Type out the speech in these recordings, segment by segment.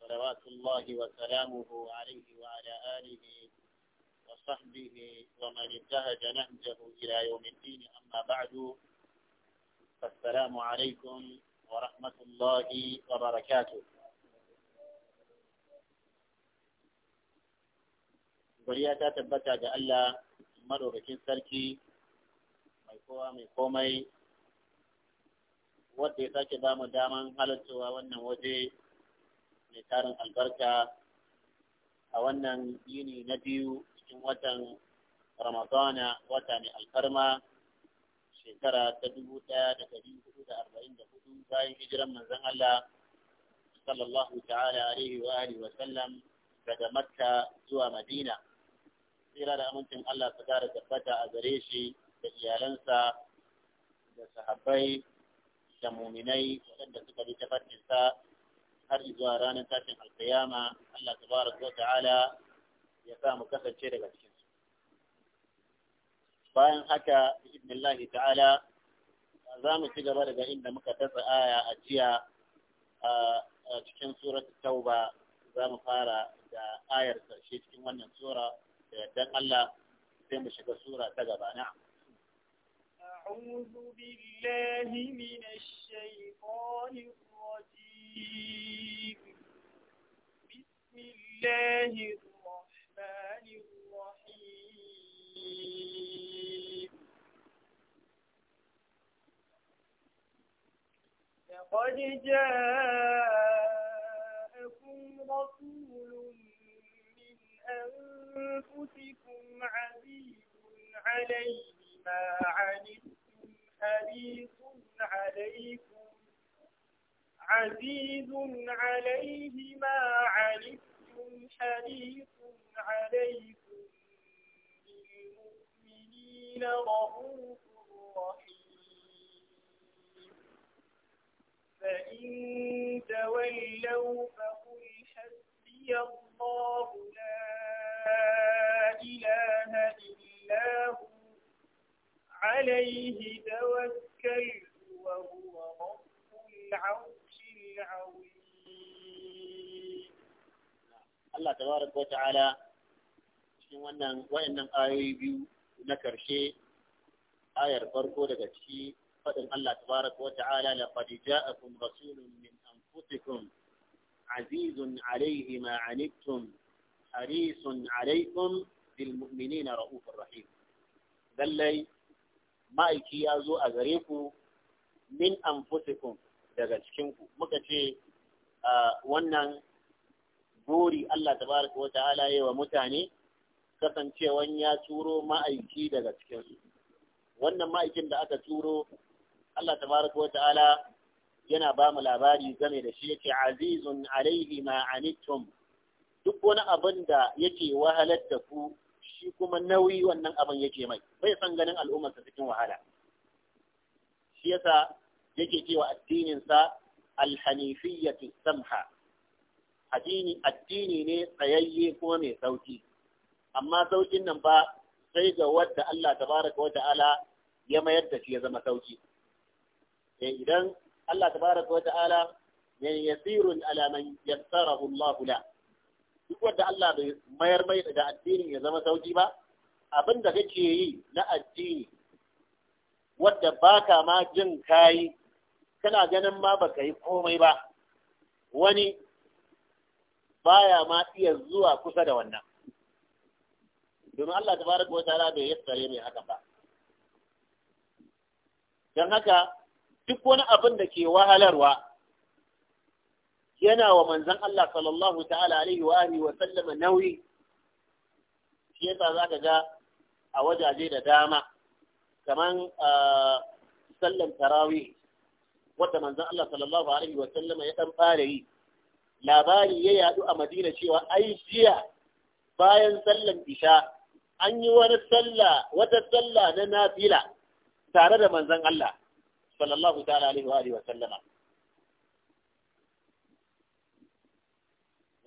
صلوات الله وسلامه عليه وعلى آله وصحبه ومن انتهج نهجه إلى يوم الدين أما بعد فالسلام عليكم ورحمة الله وبركاته بريادة تبتع جعل مرور كين سركي ميقوى ميقومي ودي تاكي دام داما هلتوا وانا وجي mai tarin albarka a wannan yini na biyu cikin watan ramadana wata mai alfarma shekara ta dubu ɗaya da ɗari hudu da arba'in da hudu bayan hijiran manzon Allah sallallahu ta'ala alaihi wa alihi wa sallam daga Makka zuwa Madina tsira da amincin Allah su kara tabbata a gare shi da iyalansa da sahabbai da muminai waɗanda suka bi tafarkinsa har zuwa ranar tashin alkiyama Allah tabaraka wa ta'ala ya sa mu kasance daga cikin su bayan haka bismillah ta'ala za mu ci gaba daga inda muka tatsa aya a jiya a cikin surat tauba za mu fara da ayar karshe cikin wannan sura da yardan Allah sai mu shiga sura ta gaba na'am أعوذ بالله من الشيطان الرجيم الرجيم بسم الله الرحمن الرحيم لقد جاءكم رسول من أنفسكم عزيز عليه ما عنتم حريص عليكم عزيز عليه ما عنتم حريص عليكم بالمؤمنين رؤوف رحيم فإن تولوا فقل حسبي الله لا إله إلا هو عليه توكلت وهو رب العرش العظيم الله تبارك وتعالى cikin wannan wayannan ayoyi biyu na karshe ayar farko daga ciki fadin Allah tabaraka wa ta'ala laqad ja'akum rasulun min anfusikum azizun alayhi ma anittum harisun alaykum bil mu'minina raufur rahim lallai ma'aiki ya zo a gare ku min anfusikum daga cikinku muka ce wannan buri Allah tabaraka wa ta'ala yi wa mutane kasancewan ya turo ma'aiki daga cikinsu wannan ma'aikin da aka turo Allah tabaraka wa ta'ala yana ba mu labari game da shi yake azizun alaihi ma anittum duk wani abin da yake wahalar da ku shi kuma nauyi wannan abin yake mai bai san ganin al'ummarsa cikin wahala shi yasa yake cewa addininsa alhanifiyyatu samha addini addini ne tsayayye kuma mai sauki amma saukin nan ba sai ga wadda Allah tabaraka wa ta'ala ya mayar da shi ya zama sauki eh idan Allah tabaraka wa ta'ala ya yasirun ala man yassarahu Allah la duk wanda Allah bai mayar mai da addinin ya zama sauki ba abin da kake yi na addini wadda baka ma jin kayi kana ganin ma baka yi komai ba wani baya ma iya zuwa kusa da wannan domin Allah tabaraka wa ta'ala bai yassare mai haka ba don haka duk wani abin da ke wahalarwa yana wa manzon Allah sallallahu ta'ala alaihi wa alihi wa sallama nauyi shi yasa zaka ga a wajaje da dama kaman ah, sallan tarawih Wata manzan Allah sallallahu alaihi wa sallama ya dan fara yi labari ya yadu a Madina cewa ai jiya bayan sallan isha an yi wani sallah wata sallah na nafila tare da manzon Allah sallallahu ta'ala alaihi wa sallama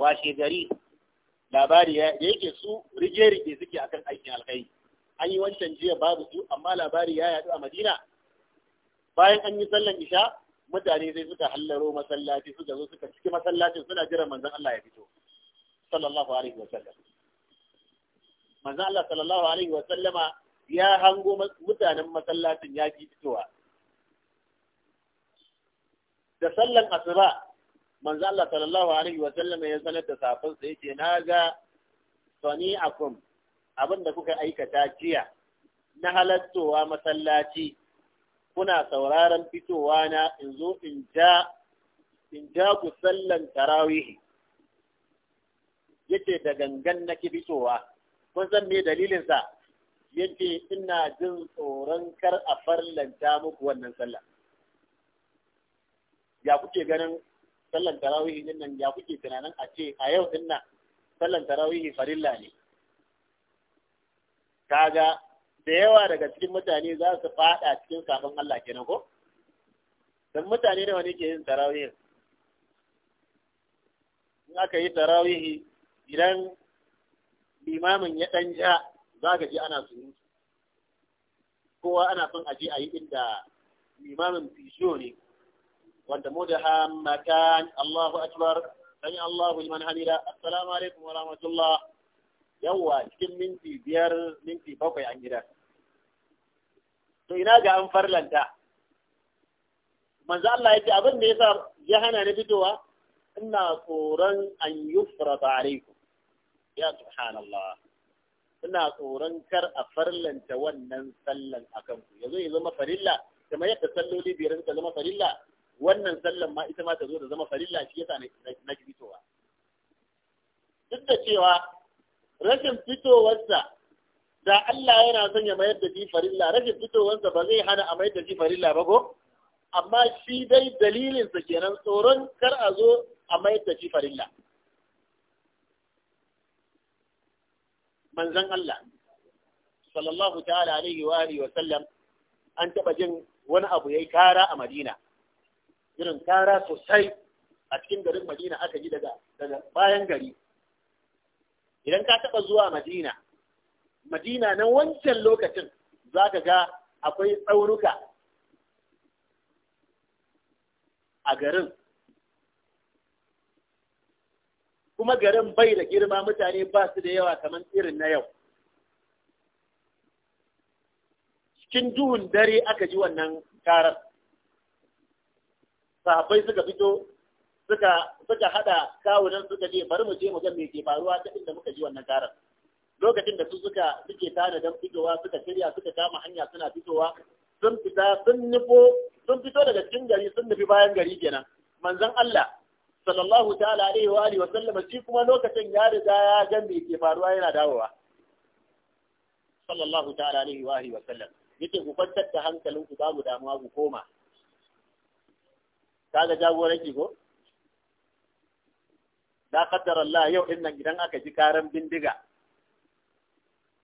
washe gari labari ya yake su rige-rige suke akan aikin alkai an yi wancan jiya babu su amma labari ya yadu a madina bayan an yi sallan isha mutane sai suka hallaro masallaci suka zo suka ciki masallacin suna jiran manzon Allah ya fito sallallahu alaihi wa sallam manzon Allah sallallahu alaihi wa sallama ya hango mutanen masallacin ya ji fitowa da sallan asuba manzon Allah sallallahu alaihi wa sallam ya sanar da safin sa yake na ga sani'akum abinda kuka aikata jiya na halattowa masallaci kuna sauraron fitowa na in zo in ja in ja ku sallan tarawihi yace da gangan nake fitowa kun san me dalilin sa yace ina jin tsoron kar a farlanta muku wannan sallah ya kuke ganin sallan tarawihi din nan ya kuke tunanin a ce a yau din nan sallan tarawihi farilla ne kaga da yawa daga cikin mutane za su fada cikin sabon Allah kenan ko dan mutane da wani ke yin tarawih in aka yi tarawih idan limamin ya dan ja za ka ji ana surutu kowa ana son aje a yi inda limamin fijiyo ne wanda mu da hamakan Allahu akbar sai Allahu liman hamida assalamu alaikum wa rahmatullah yawa cikin minti biyar minti bakwai an gida to ina ga an farlanta manzo Allah ya abin da yasa ya hana ni fitowa ina tsoron an yufra alaikum ya subhanallah ina tsoron kar a farlanta wannan sallan akan ku yazo ya zama farilla kamar yadda salloli biyar suka zama farilla wannan sallan ma ita ma ta zo da zama farilla shi yasa na fitowa duk da cewa rashin fitowarsa da Allah yana son ya mayar da shi farilla rashin fitowarsa ba zai hana a mayar da shi farilla ba ko amma shi dai dalilinsa kenan tsoron kar a zo a mayar da shi farilla manzon Allah sallallahu ta'ala alaihi wa alihi wa sallam an taba jin wani abu yayi kara a Madina irin kara sosai a cikin garin Madina aka ji daga daga bayan gari idan ka taba zuwa Madina madina na wancan lokacin za ka ga akwai tsaunuka a garin kuma garin bai da girma mutane ba su da yawa kamar irin na yau cikin duhun dare aka ji wannan karar sahabbai suka fito suka hada kawunan suka je bari mu je mu ga me ke faruwa ta inda muka ji wannan karar lokacin da su suka suke tana don fitowa suka shirya suka kama hanya suna fitowa sun fita sun nufo sun fito daga cikin gari sun nufi bayan gari kenan manzon Allah sallallahu ta'ala alaihi wa alihi wa sallam shi kuma lokacin ya riga ya ga me ke faruwa yana dawowa sallallahu ta'ala alaihi wa alihi wa sallam ku kwantar da hankalin ku babu damuwa ku koma kaga jagoranki ko da qaddara Allah yau din nan idan aka ji karan bindiga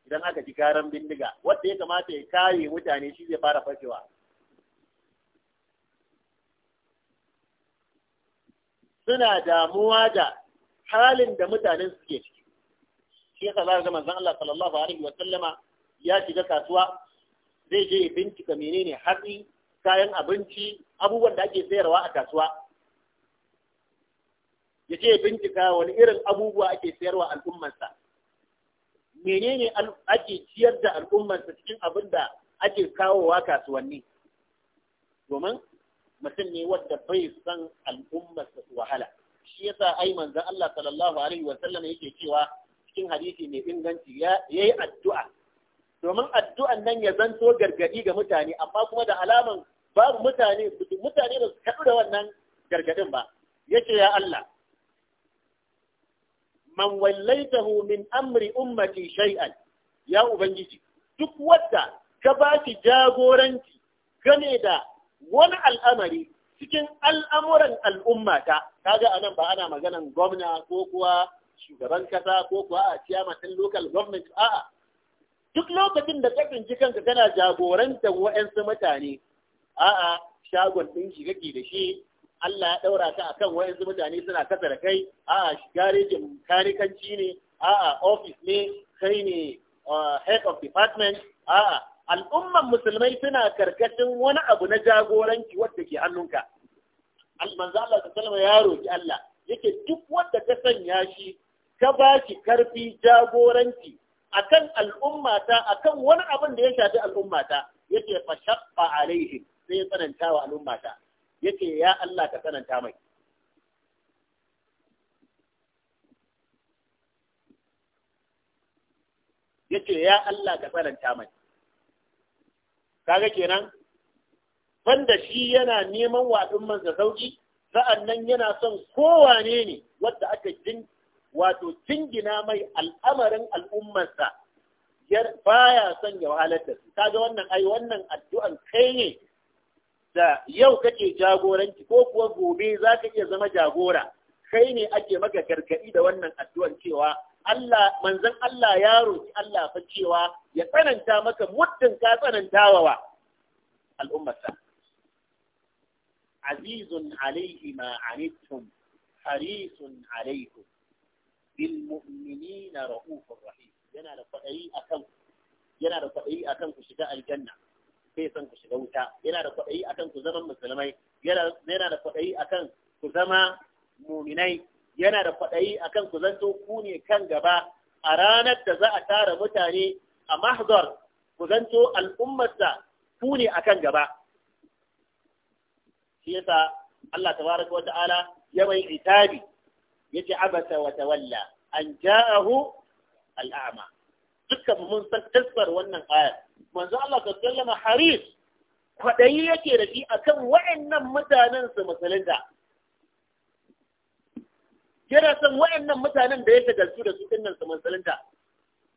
idan aka ji karan bindiga wanda ya kamata ya kare mutane shi zai fara fashewa suna damuwa da halin da mutanen suke ciki shi yasa za ga manzon Allah sallallahu alaihi wa sallama ya shiga kasuwa zai je ya bincika menene hatsi kayan abinci abubuwan da ake sayarwa a kasuwa ya ce ya bincika wani irin abubuwa ake sayarwa al'ummarsa menene ake ciyar da al'ummarsa cikin abin da ake kawowa kasuwanni domin mutum ne wanda bai san al'ummarsa wahala shi yasa ai manzo Allah sallallahu alaihi wa sallam yake cewa cikin hadisi mai inganci yayi addu'a domin addu'an nan ya zanto gargadi ga mutane amma kuma da alaman babu mutane mutane da su kaɗu da wannan gargadin ba yake ya Allah man wallaitahu min amri ummati shay'an ya ubangiji duk wadda ka ba ki jagoranci game da wani al'amari cikin al'amuran al'ummata kaga anan ba ana maganan gwamna ko kuwa shugaban kasa ko kuwa a chairman local government a'a duk lokacin da ka tsinci kanka kana jagorantar wa'ansu mutane a'a shagon ɗin shi kake da shi Allah ya ɗaura ka akan wayansu mutane suna kasa da kai a'a garejin karikanci ne a'a office ne kai ne uh, head of department a'a al'umman musulmai suna karkashin wani abu na jagoranci wadda ke hannunka manzo Allah sallallahu ya roki Allah yake duk wanda ka sanya shi ka ba shi karfi jagoranci akan al'ummata akan wani abin da ya shafi al'ummata yake fa shaqqa alaihim sai ya tsananta wa al'ummata yace ya Allah ka tsananta mai yace ya Allah ka sananta mai kaga kenan banda shi yana neman waɗin manzo sauki sa'an nan yana son kowane ne wadda aka jin wato jingina mai al'amarin al'ummarsa baya son ya wahalar da su kaga wannan ai wannan addu'an kai ne da yau kake jagoranci ko kuwa gobe za ka iya zama jagora kai ne ake maka gargaɗi da wannan addu'ar cewa Allah manzon Allah ya roki Allah fa cewa ya tsananta maka muddin ka tsanantawa wa al'ummarsa azizun alaihi ma anittum harisun Alayhi, bil mu'minina ra'ufur rahim yana da kwaɗayi akan yana da akan ku shiga aljanna Sai son ku shiga wuta yana da kwaɗayi kan ku zama musulmai yana da kwaɗayi kan ku zama muminai yana da kwaɗayi kan ku zanto ku ne kan gaba a ranar da za a tara mutane a mahzar ku zanto al'ummarsa ku ne akan gaba shi yasa Allah tabaraka wa ta'ala ya mai itabi yace abasa wa tawalla an ja'ahu al'ama dukkan mun san tasbar wannan ayar manzo Allah ka sallama haris kwaɗayi yake da shi akan wa'annan mutanen su masalinta. yana son wa'annan mutanen da ya shagaltu da su dinnan su musulunta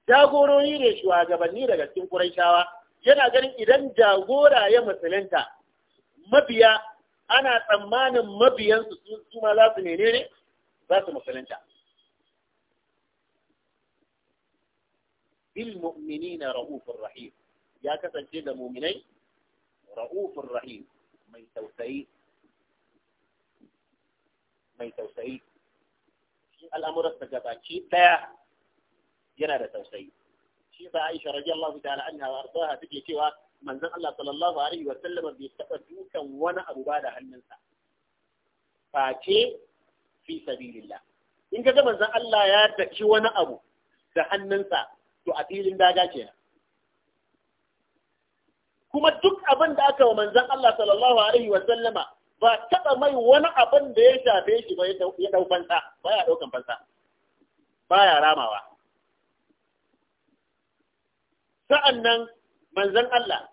jagorori ne shugabanni daga cikin Qurayshawa yana ganin idan jagora ya masalinta. mabiya ana tsammanin mabiyan su ma za su menene za su musulunta bil mu'minina rahufur rahim ya kasance da muminai ra'ufur rahim mai tausayi mai tausayi shi al'amuran da gabaci daya yana da tausayi shi sa Aisha radiyallahu ta'ala anha wa ardaha take cewa manzon Allah sallallahu alaihi wa sallam bai taba dukan wani abu ba da hannunsa face fi sabilillah in ga manzon Allah ya daki wani abu da hannunsa to a filin daga kenan kuma duk abin da aka wa manzan Allah sallallahu alaihi wa sallama ba taɓa mai wani abin da ya shafe shi ba ya ɗau fansa ba ya ɗaukan fansa ba ya ramawa sa'an nan manzan Allah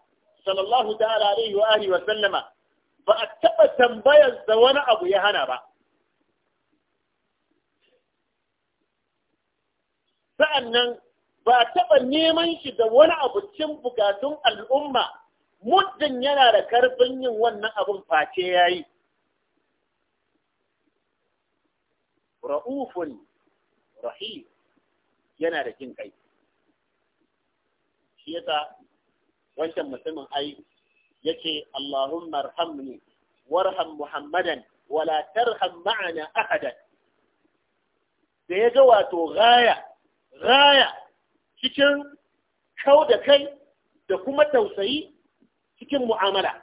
sallallahu ta'ala alaihi wa alihi ba a taɓa tambayar da wani abu ya hana ba sa'an nan ba a taɓa neman shi da wani abu cikin bukatun al'umma muddin yana da karfin yin wannan abin face ya yi ra'ufun rahi yana da jin kai shi yasa wancan mutumin ai yake Allahumma arhamni warham Muhammadan wala tarham ma'ana ahadan da ya ga wato gaya gaya cikin kau da kai da kuma tausayi cikin mu'amala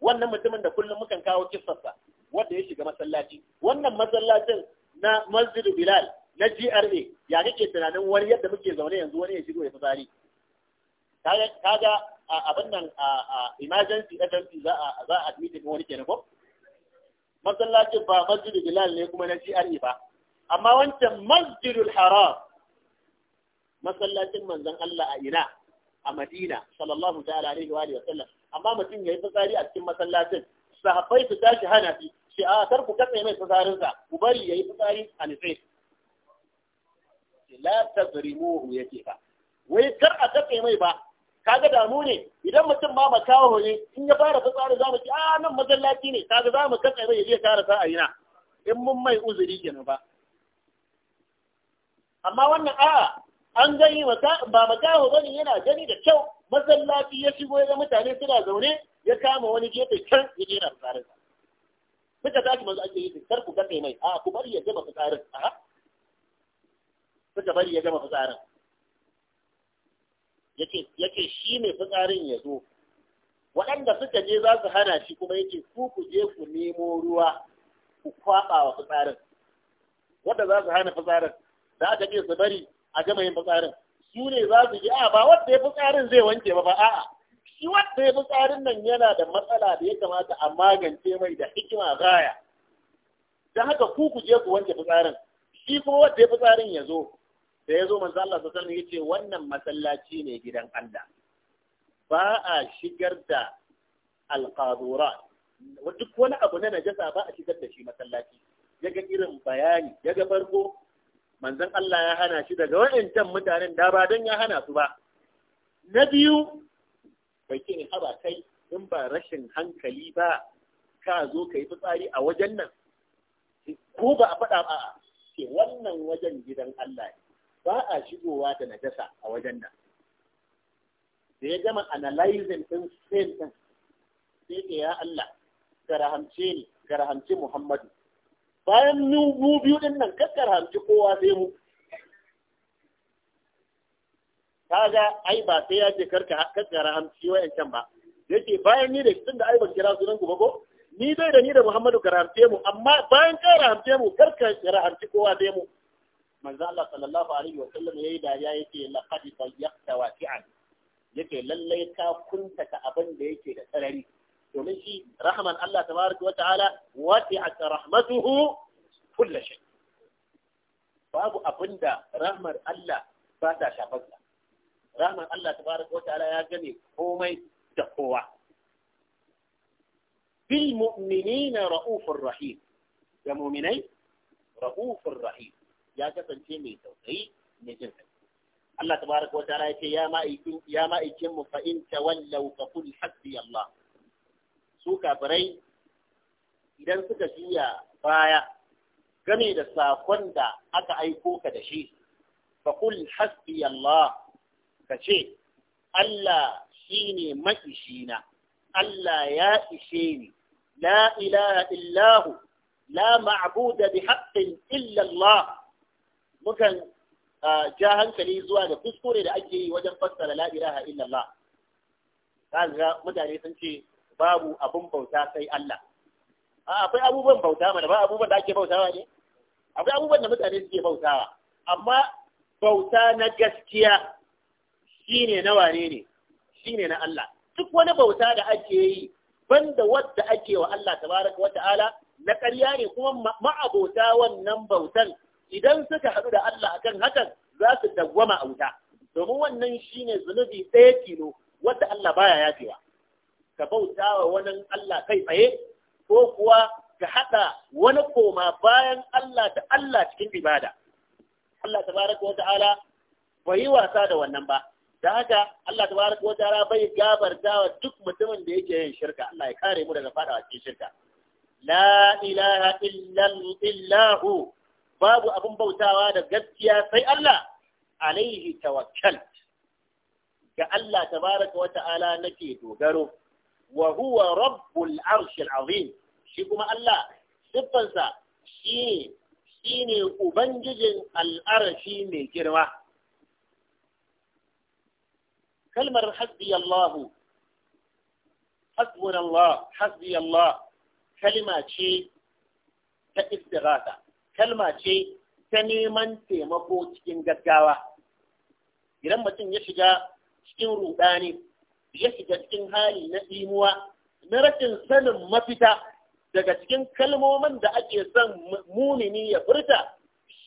wannan mutumin da kullum mukan kawo kissarsa wanda ya shiga masallaci wannan masallacin na masjid bilal na GRA ya kake tunanin wani yadda muke zaune yanzu wani ya shigo ya fitsari kaga abin nan emergency agency za a za a admit wani kenan ko masallacin ba masjid bilal ne kuma na GRA ba amma wancan masjidul haram masallacin manzon Allah a ina a Madina sallallahu ta'ala alaihi wa sallam amma mutum yayi fitsari a cikin masallacin sahabbai su tashi hana shi shi a kar ku katse mai fitsarin sa ku bari yayi fitsari a nitsi la tazrimuhu yake fa wai kar a katse mai ba kaga damu ne idan mutum ma kawo ne in ya fara fitsari za mu ci a nan masallaci ne kaga za mu katse mai ya je kara sa a na in mun mai uzuri kenan ba amma wannan a'a an gani ba makaho bane yana gani da kyau masallaci ya shigo ya mutane suna zaune ya kama wani gefe can ya jera tsarin suka tashi manzo ake yi kar ku kafe mai a ah, ku bari ya gama fitsarin, a suka bari ya gama fitsarin, yace yace shi mai fitsarin ya zo waɗanda suka je za su hana shi kuma yace ku ku je ku nemo ruwa ku kwaɓa wa fitsarin wanda za su hana fitsarin da aka ce su bari a gama yin fitsarin su ne za su ji a ba wanda ya fitsarin zai wanke ba ba a'a shi wanda ya fitsarin nan yana da matsala da ya kamata a magance mai da hikima gaya don haka ku ku je ku wanke fitsarin shi kuma wanda ya fitsarin ya zo da ya zo manzo Allah sallallahu alaihi yace wannan masallaci ne gidan Allah ba a shigar da alqadura duk wani abu na najasa ba a shigar da shi masallaci yaga irin bayani yaga farko. manzon Allah ya hana shi daga wa'ancan mutanen da ba don ya hana su ba na biyu bai ce haba kai in ba rashin hankali ba ka zo ka yi fitsari a wajen nan ko ba a faɗa ba ke wannan wajen gidan Allah ne ba a shigowa da najasa a wajen nan da ya gama analyzing ɗin sin din sai ya Allah ga rahamce ni Muhammadu bayan mu biyu din nan kakkar hanci kowa sai mu kaga ai ba sai ya ce karka kakkar wayan can ba ce bayan ni da tunda ai ban kira sunan gobe ko ni dai da ni da Muhammadu karamce mu amma bayan ka rahamce mu karka rahamci kowa sai mu manzo Allah sallallahu alaihi wa sallam yayi dariya yake laqad tayyaqta waqi'an yake lallai ka kunta ka abin da yake da sarari domin shi rahman Allah ta tabaraka wa ta'ala wasi'at rahmatuhu kullu shay babu abinda rahmar Allah ba ta shafar sa rahmar Allah ta tabaraka wa ta'ala ya gane komai da kowa bil mu'minina ra'ufur rahim Ya mu'minai ra'ufur rahim ya kasance mai tausayi mai jin kai Allah tabaraka wa ta'ala ya ce ya ma'aikin ya ma'aikin mu fa in tawallaw fa qul hasbi Allah su kafirai idan suka juya baya game da sakon da aka aiko ka da shi faƙul hasbi Allah ka ce Allah shi ne na, Allah ya ishe ni la ilaha illahu la ma'buda bi haqqin illa Allah mukan ja hankali zuwa da kuskure da ake yi wajen fassara la ilaha illallah kaga mutane sun ce babu abun bauta sai Allah a akwai abubuwan bauta mana ba abubuwan da ake bautawa ne akwai abubuwan da mutane suke bautawa amma bauta na gaskiya shine na wane ne shine na Allah duk wani bauta da ake yi banda wadda ake wa Allah tabaraka wa ta'ala na ƙarya ne kuma ma'abota wannan bautan idan suka haɗu da Allah akan hakan za su dawwama a wuta domin wannan shine zunubi ɗaya kilo wadda Allah baya yafewa ka bauta wa wani Allah kai tsaye ko kuwa ka haɗa wani koma bayan Allah da Allah cikin ibada. Allah baraka wa ta'ala bai yi wasa da wannan ba. Da haka Allah baraka wa ta'ala bai gabarta wa duk mutumin da yake yin shirka. Allah ya kare mu daga fadawa cikin shirka. La ilaha illahu babu abin bautawa da gaskiya sai Allah alaihi tawakkal ga Allah tabaraka wa ta'ala nake dogaro Wahuwa huwa rabbul arshil azim shi kuma Allah siffansa shine ubangijin al'arashi mai girma kalmar hasbi Allah hasbuna kalma ce ta istighatha kalma ce ta neman taimako cikin gaggawa idan mutum ya shiga cikin ruɗani. ya shiga cikin hali na ɗimuwa na rashin sanin mafita daga cikin kalmomin da ake son munini ya furta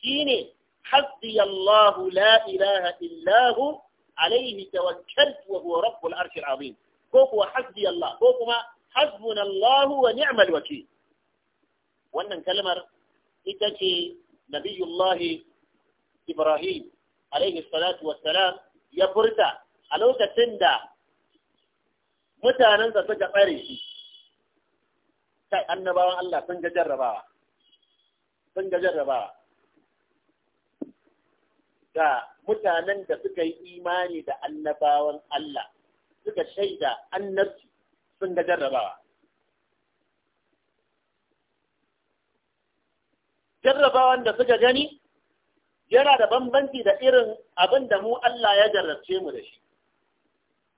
shine hasbi Allahu la ilaha illahu alaihi tawakkaltu wa huwa rabbul arshil azim ko kuwa hasbi Allah ko kuma hasbuna Allahu wa ni'mal wakil wannan kalmar ita ce nabiyullahi Ibrahim alaihi salatu wa salam ya furta a lokacin da mutanensa suka tsare shi kai annabawan Allah sun ga jarrabawa sun ga jarrabawa ga mutanen da suka yi imani da annabawan Allah suka shaida annabci sun ga jarrabawa jarrabawan da suka gani yana da bambanci da irin abin da mu Allah ya jarrabce mu da shi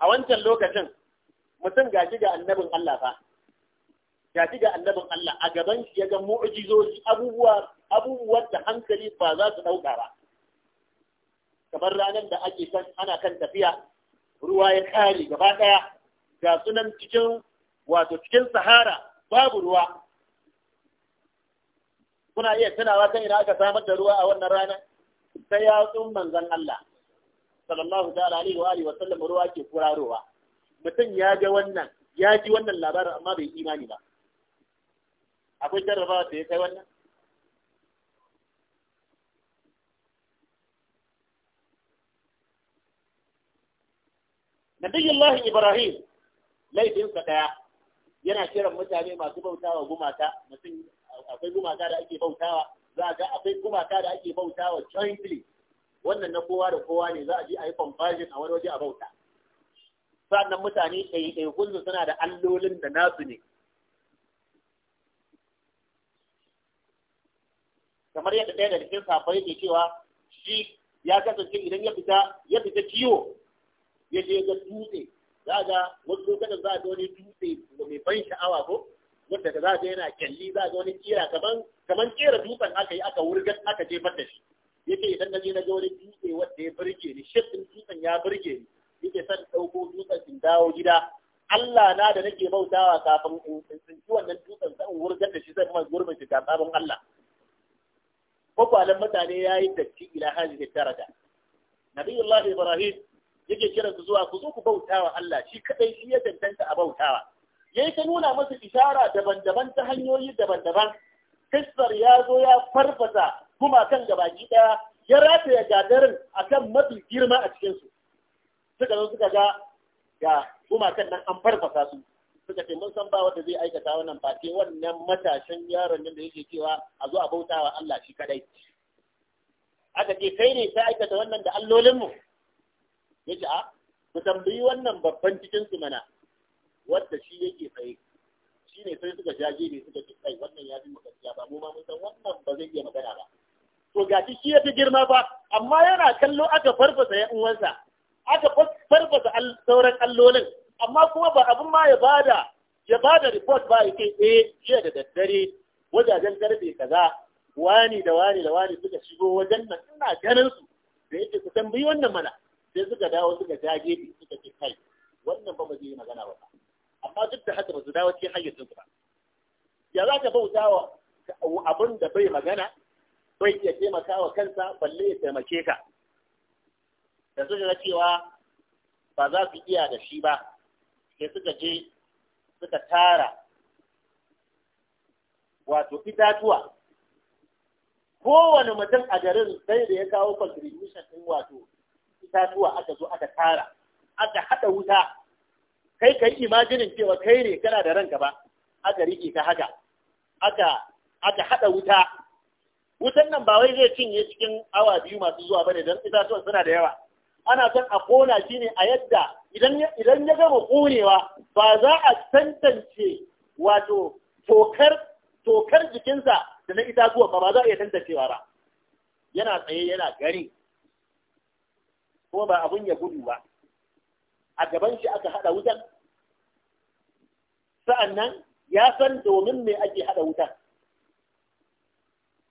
a wancan lokacin mutum gashi ga annabin Allah fa gashi ga annabin Allah a gaban shi ya ga mu'jizoji abubuwa abubuwan da hankali ba za su dauka ba kamar ranar da ake kan ana kan tafiya ruwa ya kare gaba daya ga sunan cikin wato cikin sahara babu ruwa kuna iya tunawa kan ina aka samar da ruwa a wannan rana sai ya tsun manzon Allah sallallahu ta'ala alaihi wa alihi wa sallam ruwa ke kurarowa mutum ya ga wannan ya ji wannan labarin amma bai imani ba akwai jarraba da ya kai wannan Lahi Ibrahim laifinsa ɗaya yana kiran mutane masu bautawa gumaka mutum akwai gumaka da ake bautawa za ga akwai gumaka da ake bautawa jointly wannan na kowa da kowa ne za a ji a yi conversion a wani waje a bauta sannan mutane su suna da allolin da nasu ne kamar yadda ɗaya da cikin safai ke cewa shi ya kasance idan ya fita ya fita ciwo ya je ga dutse za ga wasu lokacin za a ga wani dutse mai ban sha'awa ko wanda da za ga yana kyalli za ga wani kira kaman kaman kera dutsen aka yi aka wurgar aka jefar da shi yake idan na je na ga wani dutse wanda ya burge ni shifin dutsen ya burge ni yake son ɗauko dutsen in dawo gida Allah na da nake bautawa kafin in tsinci wannan dutsen sai in wurgar da shi sai kuma gurbin shi sabon Allah kwakwalen mutane ya yi datti ila da daraja nabiyullah ibrahim yake kira su zuwa ku zo ku bautawa Allah shi kadai shi ya tantance a bautawa yayi ta nuna musu ishara daban-daban ta hanyoyi daban-daban Kisar ya zo ya farfasa kuma kan gabaki daya ya rataya gadarin akan mafi girma a cikinsu. suka zo suka ga ga gumakan nan an farfasa su suka ce mun san ba wanda zai aikata wannan face wannan matashin yaron nan da yake cewa a zo a bautawa Allah shi kadai aka ce kai ne sai aikata wannan da allolinmu ya yace a ku tambayi wannan babban cikin su mana wanda shi yake tsaye shi ne sai suka jaje ne suka ce kai wannan ya fi mu gaskiya ba mu ma mun san wannan ba zai iya magana ba to ga shi ya fi girma ba amma yana kallo aka farfasa ya uwansa aka farfasa sauran allolin amma kuma ba abin ma ya bada ya bada report ba yake eh jiya da daddare wajajen karfe kaza wani da wani da wani suka shigo wajen nan ina ganin su da yake su tambayi wannan mana sai suka dawo suka ja gefe suka ce kai wannan ba ba zai magana ba amma duk da haka ba su dawo cikin hayyacin su ba ya za ka bauta wa abin da bai magana bai iya taimaka wa kansa balle ya taimake ka da suka ga cewa ba za su iya da shi ba sai suka je suka tara wato itatuwa kowane mutum a garin sai da ya kawo contribution ɗin wato itatuwa aka zo aka tara aka haɗa wuta kai kai imajinin cewa kai ne kana da ranka ba aka riƙe ka haka aka aka haɗa wuta wutan nan ba wai zai cinye cikin awa biyu masu zuwa ba bane don itatuwa suna da yawa ana son a kona shi ne a yadda idan ya gama konewa ba za a tantance wato tokar jikinsa da na itatuwa ba ba za a iya tantancewa ba yana tsaye yana gani kuma ba abin ya gudu ba a gaban shi aka hada wutan sa'annan ya san domin me ake hada wutan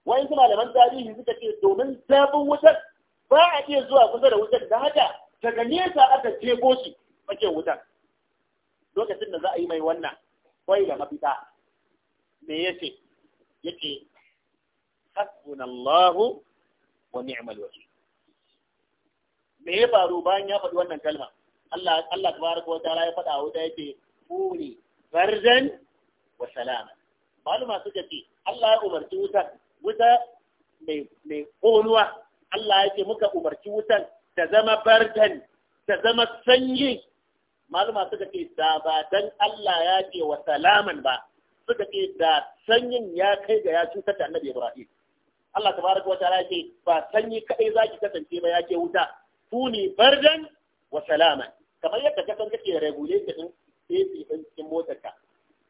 wa'in su malaman tarihi suka ce domin zafin wutar ba a iya zuwa kusa da wutar da haka daga nesa aka jefo shi tsakiyar wutar lokacin da za a yi mai wannan kwai da mafita me yake yake, hasbunallahu wa ni'mal wakil me ya faru bayan ya faɗi wannan kalma Allah Allah tabaraka wa ta'ala ya faɗa wuta yake kuni bardan wa salama maluma suka ce Allah ya umarci wuta wuta mai mai konuwa Allah ya ce muka umarci wutan ta zama bardan ta zama sanyi maluma suka ce da ba don Allah ya ce wa salaman ba suka ce da sanyin ya kai ga ya cutar da annabi Ibrahim Allah ta wa ta'ala ya ce ba sanyi za ki kasance ba ya ce wuta Su ne bardan wa salaman kamar yadda ka san kake regulator din AC din cikin motarka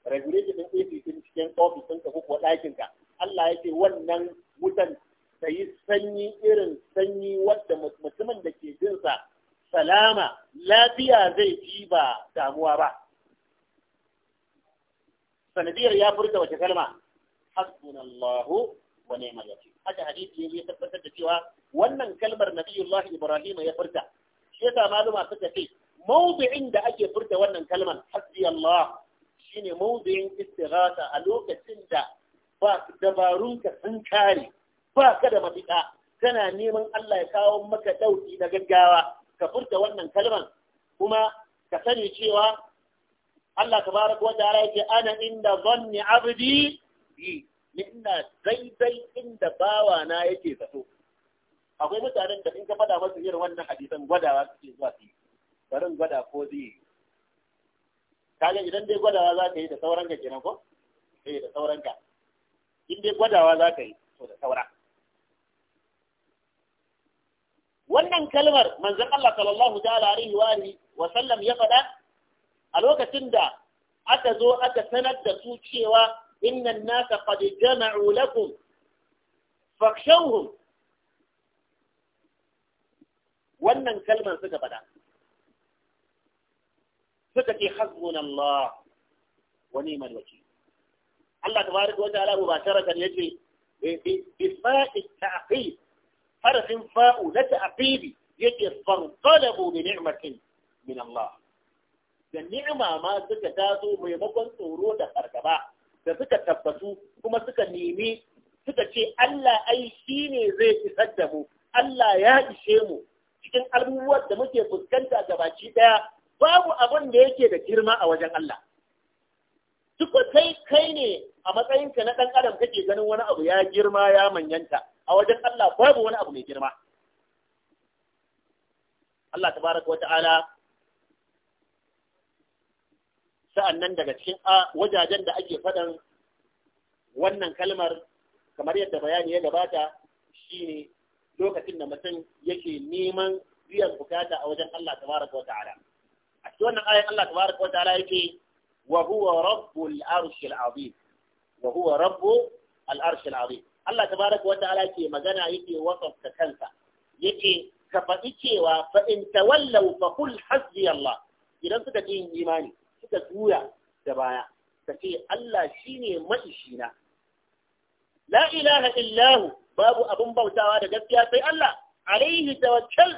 regulator din AC din cikin ofis ɗinka ko kuwa ɗakinka Allah ya ce wannan wutan ta yi sanyi irin sanyi wadda mutumin da ke jinsa salama lafiya zai ji ba damuwa ba sanadiyar ya furta wace kalma hasbunallahu wa ni'mal wakil haka hadisi ya tabbatar da cewa wannan kalmar nabiyullah ibrahim ya furta shi yasa maluma suka ce mawdu'in da ake furta wannan kalmar hasbi allah shine mawdu'in istighatha a lokacin da ba dabarunka sun kare ba ka da mafita kana neman Allah ya kawo maka dauki na gaggawa ka furta wannan kalmar kuma ka sani cewa Allah tabaraka wa ta'ala yake ana inda zanni abdi bi ni ina daidai inda bawa na yake zato akwai mutanen da in ka faɗa masu irin wannan hadisan gwadawa suke zuwa su yi barin gwada ko zai yi kaga idan dai gwadawa za ka yi da sauranka kenan ko eh da sauranka in dai gwadawa za ka yi to da sauranka wannan kalmar manzon Allah sallallahu ta'ala alaihi wa alihi wa sallam ya faɗa a lokacin da aka zo aka sanar da su cewa innan nasa qad jama'u lakum fakhshawhum wannan kalmar suka faɗa suka ce Allah. wa ni'mal wakil Allah tabaraka wa ta'ala mubasharatan yace bi isma'i ta'qib harafin fa'u na ta'abibi yake farqalabu bi ni'matin min Allah da ni'ima ma suka taso maimakon tsoro da fargaba da suka tabbatu kuma suka nemi suka ce Allah ai shi ne zai isar da mu Allah ya ishe mu cikin abubuwan da muke fuskanta gabaci daya babu abin da yake da girma a wajen Allah duk kai kai ne a matsayinka na ɗan adam kake ganin wani abu ya girma ya manyanta a wajen Allah babu wani abu mai girma Allah tabaraka wata'ala sa'annan daga cikin wajajen da ake faɗan wannan kalmar kamar yadda bayani ya gabata shine lokacin da mutum yake neman biyan bukata a wajen Allah tabaraka wata'ala a cikin wannan ayan Allah tabaraka wata'ala yake wa huwa rabbul arshil azim wa huwa rabbu al arshil azim Allah tabaraka wa ke magana yake wasafta kansa yake ka faɗi cewa fa in tawallaw fa qul hasbi Allah idan suka ji imani suka juya da baya ka ce Allah shine maishina la ilaha illahu babu abin bautawa da gaskiya sai Allah alaihi tawakkal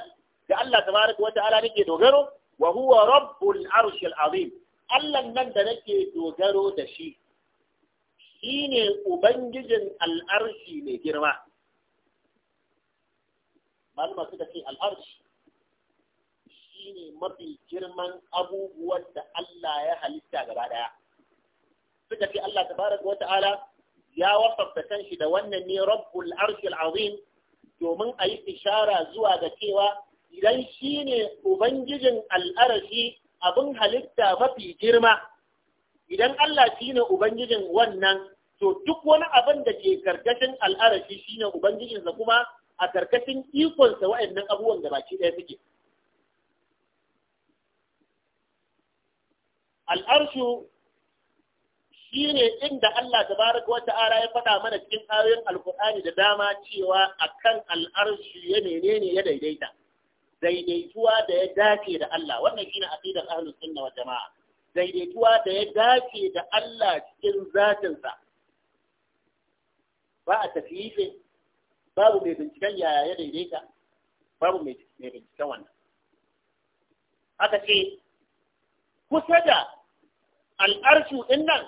ga Allah tabaraka wa ta'ala nake dogaro wa huwa rabbul arshil azim Allah nan da nake dogaro da shi, shi ne Ubangijin al'arshi mai girma. Malama suka ce al'arshi shi ne mafi girman abubuwan da Allah ya halitta gaba ɗaya. Suka ce Allah tabaraka wa ta'ala ya wasafta kanshi da wannan ne rabbul arshil azim domin a yi ishara zuwa ga cewa idan shi ne Ubangijin al'arshi abin halitta mafi girma idan Allah shi ne ubangijin wannan to duk wani abin da ke karkashin al'arashi ne ubangijinsa kuma a karkashin ikonsa wa'annan abubuwan da baki ɗaya suke al'arshu shi ne inda Allah tabaraka wa ta'ala ya faɗa mana cikin ayoyin alkur'ani da dama cewa akan al'arshu ya menene ya daidaita daidaituwa da ya dace da Allah wannan shine aqidar ahlus sunna wal jamaa daidaituwa da ya dace da Allah cikin sa ba a tafiye babu mai binciken yaya ya daidaita babu mai binciken wannan aka ce kusa da al'arshu din nan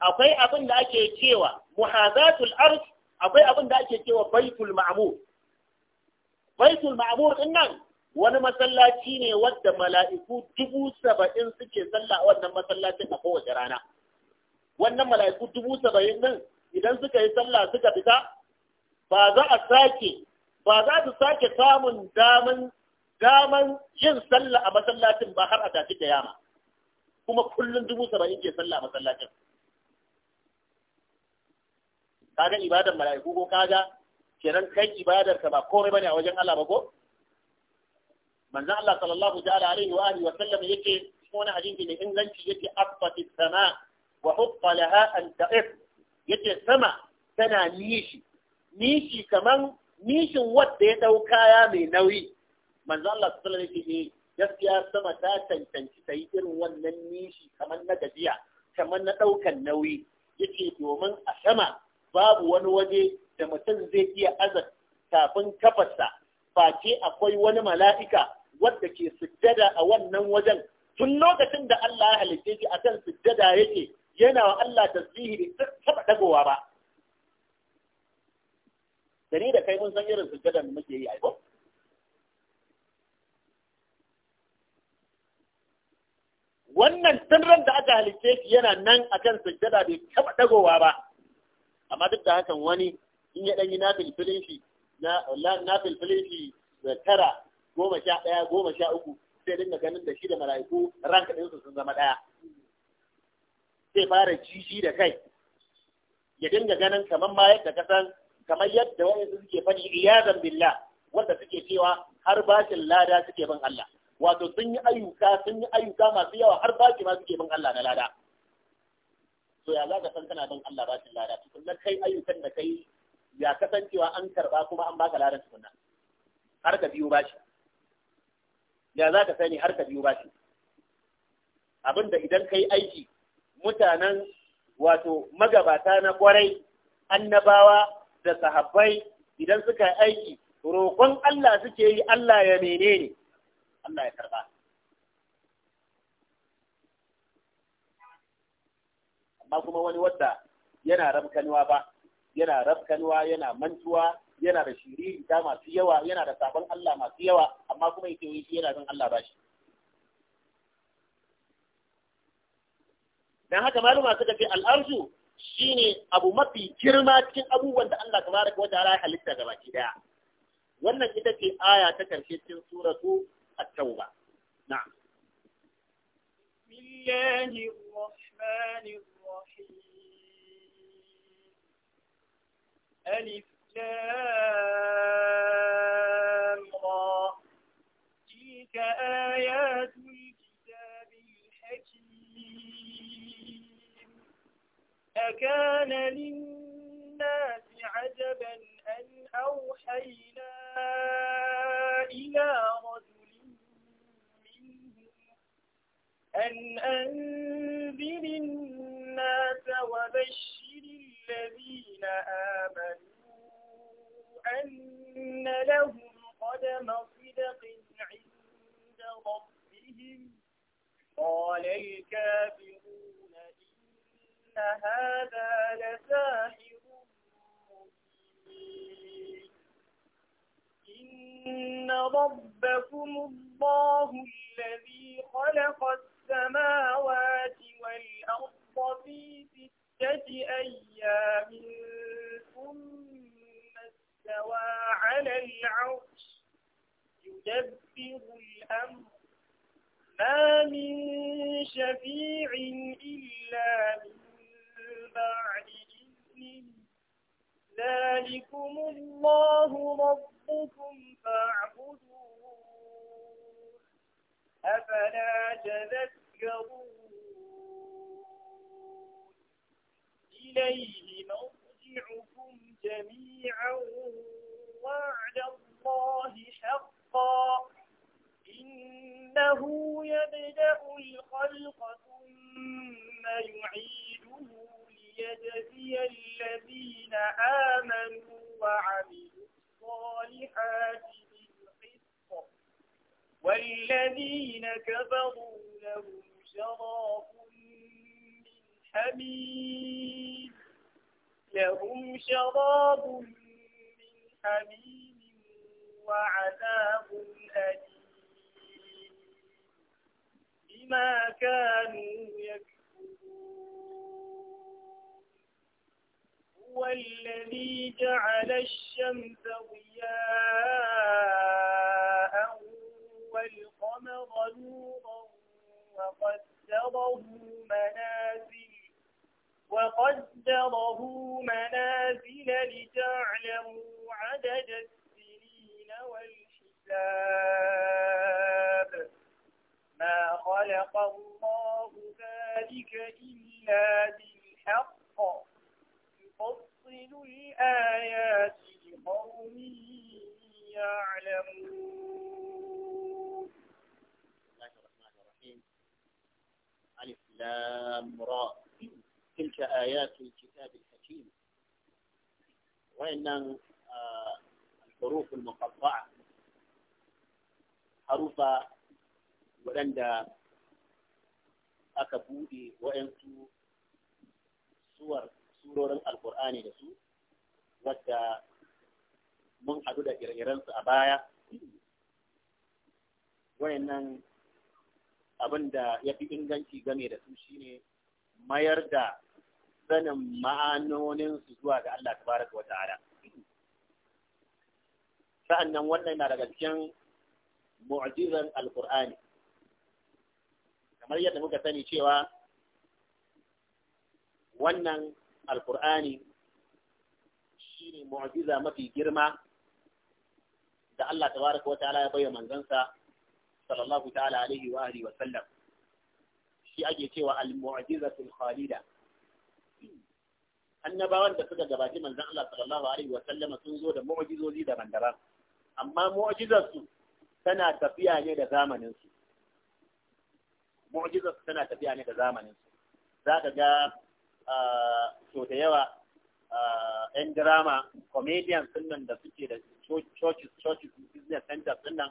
akwai abin da ake cewa muhazatul arsh akwai abin da ake cewa baitul ma'mur baitul ma'mur din nan wani masallaci ne wadda mala'iku dubu saba'in suke sallah a wannan masallacin a kowace rana wannan mala'iku dubu saba'in din idan suka yi sallah suka fita ba za a sake ba za su sake samun daman yin sallah a masallacin ba har a tafi da yama kuma kullum dubu saba'in ke sallah a masallacin kaga ibadar mala'iku ko kaga kenan kai ibadar ka ba komai bane a wajen Allah ba ko manzo Allah sallallahu ta'ala alaihi wa alihi wa sallam yake wani hadisi mai inganci yake abbati sama wa hubba laha an ta'if yake sama tana nishi nishi kaman nishin wanda ya dau kaya mai nauyi manzo Allah sallallahu alaihi wa alihi eh, gaskiya sama ta cancanci ta yi irin wannan nishi kamar na gajiya kamar na ɗaukan nauyi yake domin a sama babu wani waje da mutum zai iya aza kafin kafarsa face akwai wani mala'ika wadda ke sujjada a wannan wajen tun lokacin da Allah ya halitta shi kan sujjada yake yana wa Allah tasbihi da taba dagowa ba da ni da kai mun san irin sujjada da muke yi aiko wannan tun ran da aka halitta shi yana nan akan sujjada bai taba dagowa ba amma duk da hakan wani in ya dan yi na filfilin shi na na filfilin shi da tara goma sha ɗaya goma sha uku sai dinga ganin da shi da mala'iku ranka ɗinsu sun zama ɗaya sai fara jishi da kai ya dinga ganin kamar ma yadda ka san kamar yadda wa'yansu suke faɗi iyazan billah wanda suke cewa har bashin lada suke bin Allah wato sun yi ayyuka sun yi ayyuka masu yawa har bashi ma suke bin Allah na lada to ya za ka san kana bin Allah bashin lada na kai ayyukan da kai ya kasancewa an karba kuma an baka ladan tukunna har ka biyo bashi ya za ka sani har ka biyo shi. abinda idan ka yi aiki mutanen wato magabata na kwarai annabawa da sahabbai idan suka yi aiki roƙon Allah suke yi Allah ya menene Allah ya karɓa amma kuma wani wadda yana rabkanuwa ba yana rabkanuwa yana mantuwa yana da shiriri da masu yawa yana da sabon Allah masu yawa amma kuma yake yi yana bin Allah ba shi dan haka maluma suka ce al'arju shine abu mafi girma cikin abubuwan da Allah tabaraka wa ta'ala ya halitta gabaki daya wannan ita ce aya ta karshe cikin suratu at-tauba na'am billahi rahmanir rahim alif لامرا تلك آيات الكتاب الحكيم أكان للناس عجبا أن أوحينا إلى رجل منهم أن أنذر الناس وبشر الذين آمنوا أن لهم قدم صدق عند ربهم قال الكافرون إن هذا لساحر مبين إن ربكم الله الذي خلق السماوات والأرض في ستة أيام ثم استوى على العرش يدبر الأمر ما من شفيع إلا من بعد إذنه ذلكم الله ربكم فاعبدوه أفلا تذكرون إليه مرجعكم جميعا وعد الله حقا إنه يبدأ الخلق ثم يعيده ليجزي الذين آمنوا وعملوا الصالحات بالقسط والذين كفروا لهم شراب من حميد لهم شراب من حميم وعذاب أليم بما كانوا يكفرون هو الذي جعل الشمس ضياء والقمر نورا وقدره وقدره منازل لتعلموا عدد السنين والحساب ما خلق الله ذلك إلا بالحق يفصل الآيات لقوم يعلمون الله الرحمن الرحيم لام راء تلك آيات الكتاب الحكيم وإن الحروف المقطعة حروف waɗanda aka buɗe waɗansu suwar surorin alkur'ani da su wadda mun hadu da ire-irensu a baya wayannan abin da ya fi inganci gane da su shine mayar da sanin su zuwa ga Allah tabaraka wa ta'ala sa'annan wannan na daga cikin mu'jizan alqur'ani kamar yadda muka sani cewa wannan alqur'ani shine mu'jiza mafi girma da Allah tabaraka wa ta'ala ya bayyana manzansa sallallahu ta'ala alaihi wa alihi wa sallam shi ake cewa al-mu'jizatul khalida annabawan da suka gabaci manzon Allah sallallahu alaihi wa sallama sun zo da mu'jizozi daban-daban amma mu'jizar tana tafiya ne da zamanin su mu'jizar tana tafiya ne da zamanin su ka ga so da yawa yan drama comedian sun nan da suke da churches churches business centers sun nan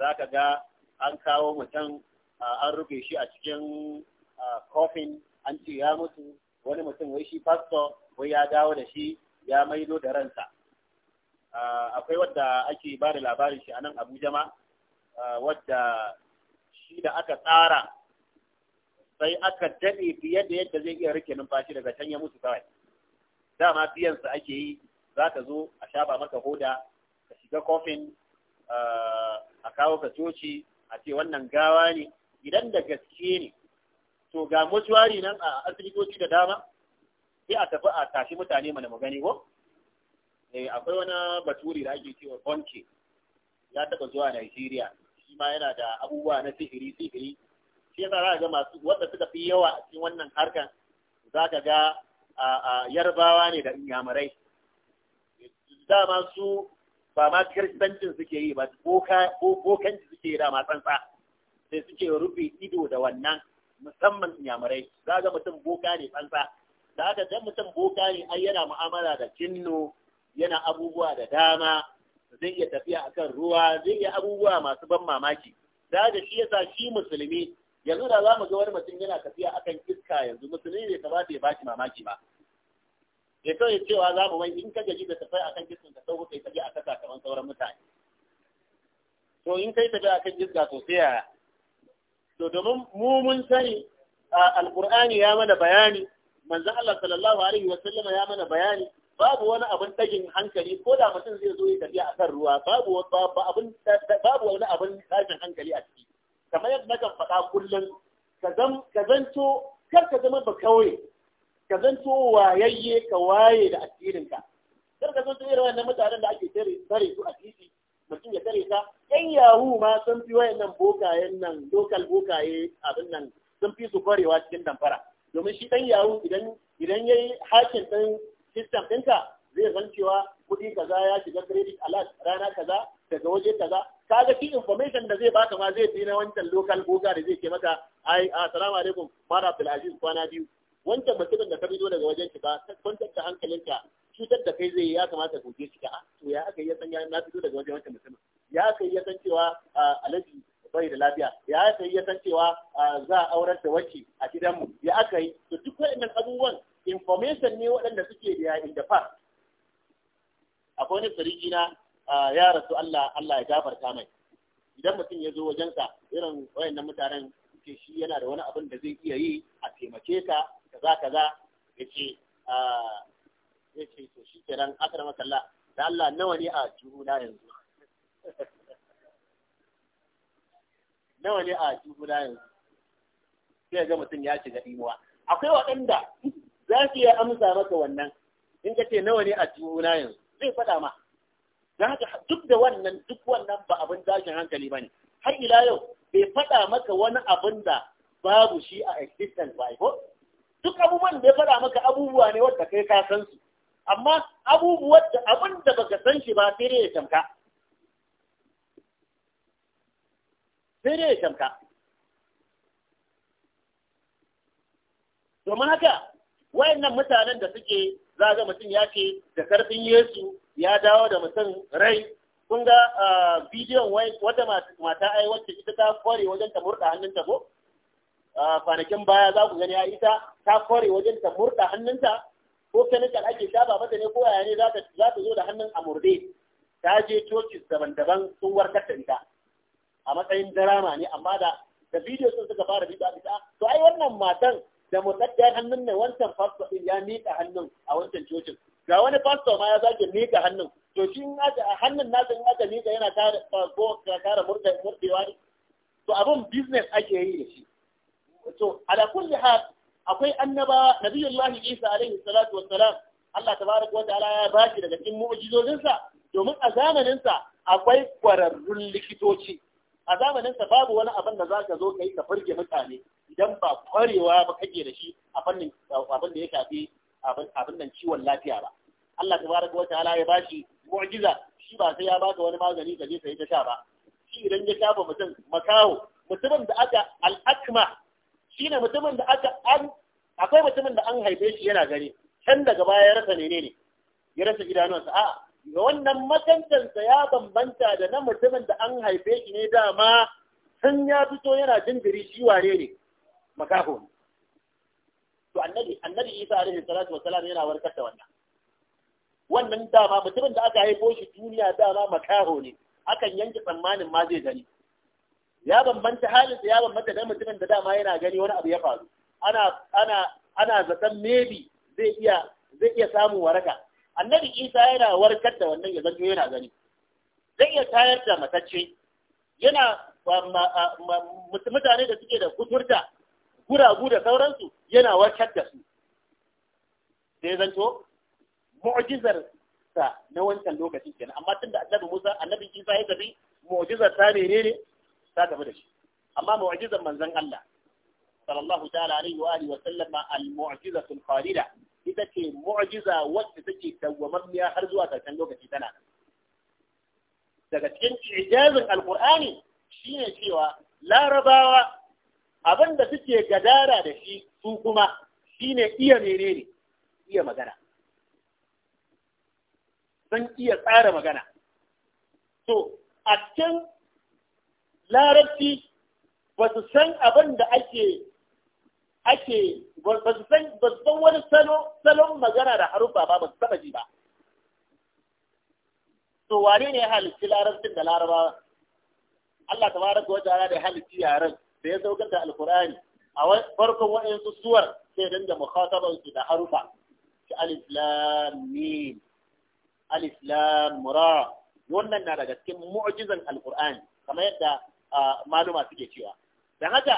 ka ga an kawo mutum an rufe shi a cikin kofin an ce ya mutu wani mutum wai shi pastor wai ya dawo da shi ya maido da ransa akwai wadda ake ba da labarin shi a nan abuja ma wadda shi da aka tsara sai aka daɗe fiye da yadda zai iya rike numfashi daga can ya mutu kawai dama biyansa ake yi za ka zo a shafa maka hoda ka shiga kofin a kawo ka coci a ce wannan gawa ne idan da gaske ne to ga mutuwari nan a asibitoci da dama sai a tafi a tashi mutane mana mu ko eh, akwai wani baturi da ake cewa bonke ya taba zuwa Najeriya shi ma yana da abubuwa na sihiri sihiri shi yasa za ga masu wanda suka fi yawa a cikin wannan harkan za ka ga a yarbawa ne da inyamurai dama su ba ma kristancin suke yi ba bokanci suke yi ma tsantsa sai suke rufe ido da wannan musamman inyamurai za ga mutum boka ne tsantsa da aka dan mutum boka ne ai yana mu'amala da jinnu yana abubuwa da dama zai iya tafiya akan ruwa zai iya abubuwa masu ban mamaki da haka shi yasa shi musulmi yanzu da za mu ga wani mutum yana tafiya akan iska yanzu musulmi ne ta bai kamata ba shi mamaki ba ya kawai cewa za mu wai in ka gaji da tafai akan iskan ka sauko kai tafi a kasa kamar sauran mutane to in kai tafi akan iska sosai yaya to domin mu mun sani alqur'ani ya mana bayani manzo Allah sallallahu alaihi wa sallama ya mana bayani babu wani abin tagin hankali ko da mutum zai zo ya tafiya a kan ruwa babu babu abin babu wani abin tagin hankali a ciki kamar yadda nakan faɗa kullum ka zam ka zanto kar ka zama ba kawai ka zanto wayayye ka waye da asirinka kar ka zanto irin wannan mutanen da ake tare su a titi mutum ya tare ta yan yahu ma sun fi wayannan bokayen nan lokal bokaye abin nan sun fi su kwarewa cikin damfara domin shi dan yahu idan idan yayi hakin ɗan system ɗinka zai san cewa kuɗi kaza ya shiga credit alert rana kaza daga waje kaza ga shi information da zai baka ma zai fi na wancan local boka da zai ke maka ai assalamu alaikum mara abdul kwana biyu wancan mutumin da ta fito daga wajen ki ba kwantar da hankalinka cutar da kai zai ya kamata goge shi ka ah, to ya aka yi san ya na fito daga wajen wancan mutumin ya aka yi san cewa alaji bai da lafiya ya aka yi san cewa za a aurar da wacce a gidanmu ya aka yi to duk waɗannan abubuwan information ne waɗanda suke da in da fa akwai wani sarki na ya rasu Allah Allah ya gafarta mai idan mutum ya zo wajen sa, irin wayannan mutanen ke shi yana da wani abin da zai iya yi a taimake ka kaza kaza ya ya ce to shi kenan akar makalla da Allah nawa ne a juhuna yanzu nawa ne a juhuna yanzu sai ga mutum ya shiga imuwa akwai waɗanda za su iya amsa maka wannan in ka ce nawa ne a juhuna yanzu zai faɗa ma don haka duk da wannan duk wannan ba abin tashin hankali ba ne har ila yau bai faɗa maka wani abin da babu shi a existence ba ko duk abubuwan da ya faɗa maka abubuwa ne wadda kai ka san su amma abubuwan da abin da baka san shi ba sai dai ya tamka sai dai ya tamka domin haka wayannan mutanen da suke zaga mutum ya ce da karfin Yesu ya dawo da mutum rai kun ga bidiyon wata mata ai wacce ita ta kware wajen ta murda hannunta ko kwanakin baya za ku gani ya ita ta kware wajen ta murda hannunta ko kemikal ake shafa mata ne ko yaya ne za ta zo da hannun amurde ta je coci daban-daban sun warkar da ita a matsayin drama ne amma da da bidiyo sun suka fara bida bida to ai wannan matan da mutaddiyar hannun ne wancan pastor din ya mika hannun a wancan cocin ga wani pastor ma ya zage mika hannun to shi in hannun nasa in aka mika yana tare ko tare murdewa ne to abun business ake yi da shi to ala kulli hal akwai annaba nabiyullahi isa alaihi salatu wassalam Allah tabaraka wa ta'ala ya bashi daga cikin mu'jizozinsa domin a zamaninsa akwai kwararrun likitoci a zamaninsa babu wani abin da zaka zo kai ka furge mutane idan ba kwarewa ba kake da shi a fannin abin da ya shafi abin nan ciwon lafiya ba Allah tabaraka wa ta'ala ya bashi mu'jiza shi ba sai ya baka wani magani ka je ka ta sha ba shi idan ya shafa mutum makaho mutumin da aka al'akma shine mutumin da aka an akwai mutumin da an haife shi yana gari can daga baya ya rasa menene ya rasa idanuwansa a'a ga wannan makantansa ya bambanta da na mutumin da an haife shi ne dama sun ya fito yana jinjiri shi ware ne makaho to annabi annabi Isa alaihi salatu wa salam yana warkar da wannan wannan dama mutumin da aka haifo shi duniya dama makaho ne akan yanke tsammanin ma zai gani ya bambanta halin ya bambanta da mutumin da dama yana gani wani abu ya faru ana ana ana zaton maybe zai iya zai iya samun waraka annabi isa yana warkar da wannan ya zanto yana gani zai iya tayar da matacce yana mutane da suke da kuturta guragu da sauransu yana warkar da su sai zanto mu'jizar sa na wancan lokacin kenan amma tunda annabi Musa annabi Isa ya tafi mu'jizar ta ne. ta tafi da shi amma mu'jizar manzon Allah sallallahu ta'ala alaihi wa alihi wa sallama al-mu'jizatul khalida ita ce mu'jiza wacce take dawwamammiya har zuwa karshen lokaci tana daga cikin ijazin alqur'ani shine cewa larabawa abinda suke gadara da shi su kuma shine iya menene iya magana sun iya tsara magana to a cikin larabci ba su san abin da ake ake ba su san ba san wani salon magana da harufa ba ba su taba ji ba to wane ne ya halitti larabcin da larabawa Allah ta tabaraka wa ta'ala da halitti yaran da ya saukar da alqur'ani a farkon waɗansu suwar sai da mukhataban su da harufa shi alif lam mim alif lam ra wannan na daga cikin mu'jizan alqur'ani kamar yadda maluma suke cewa don haka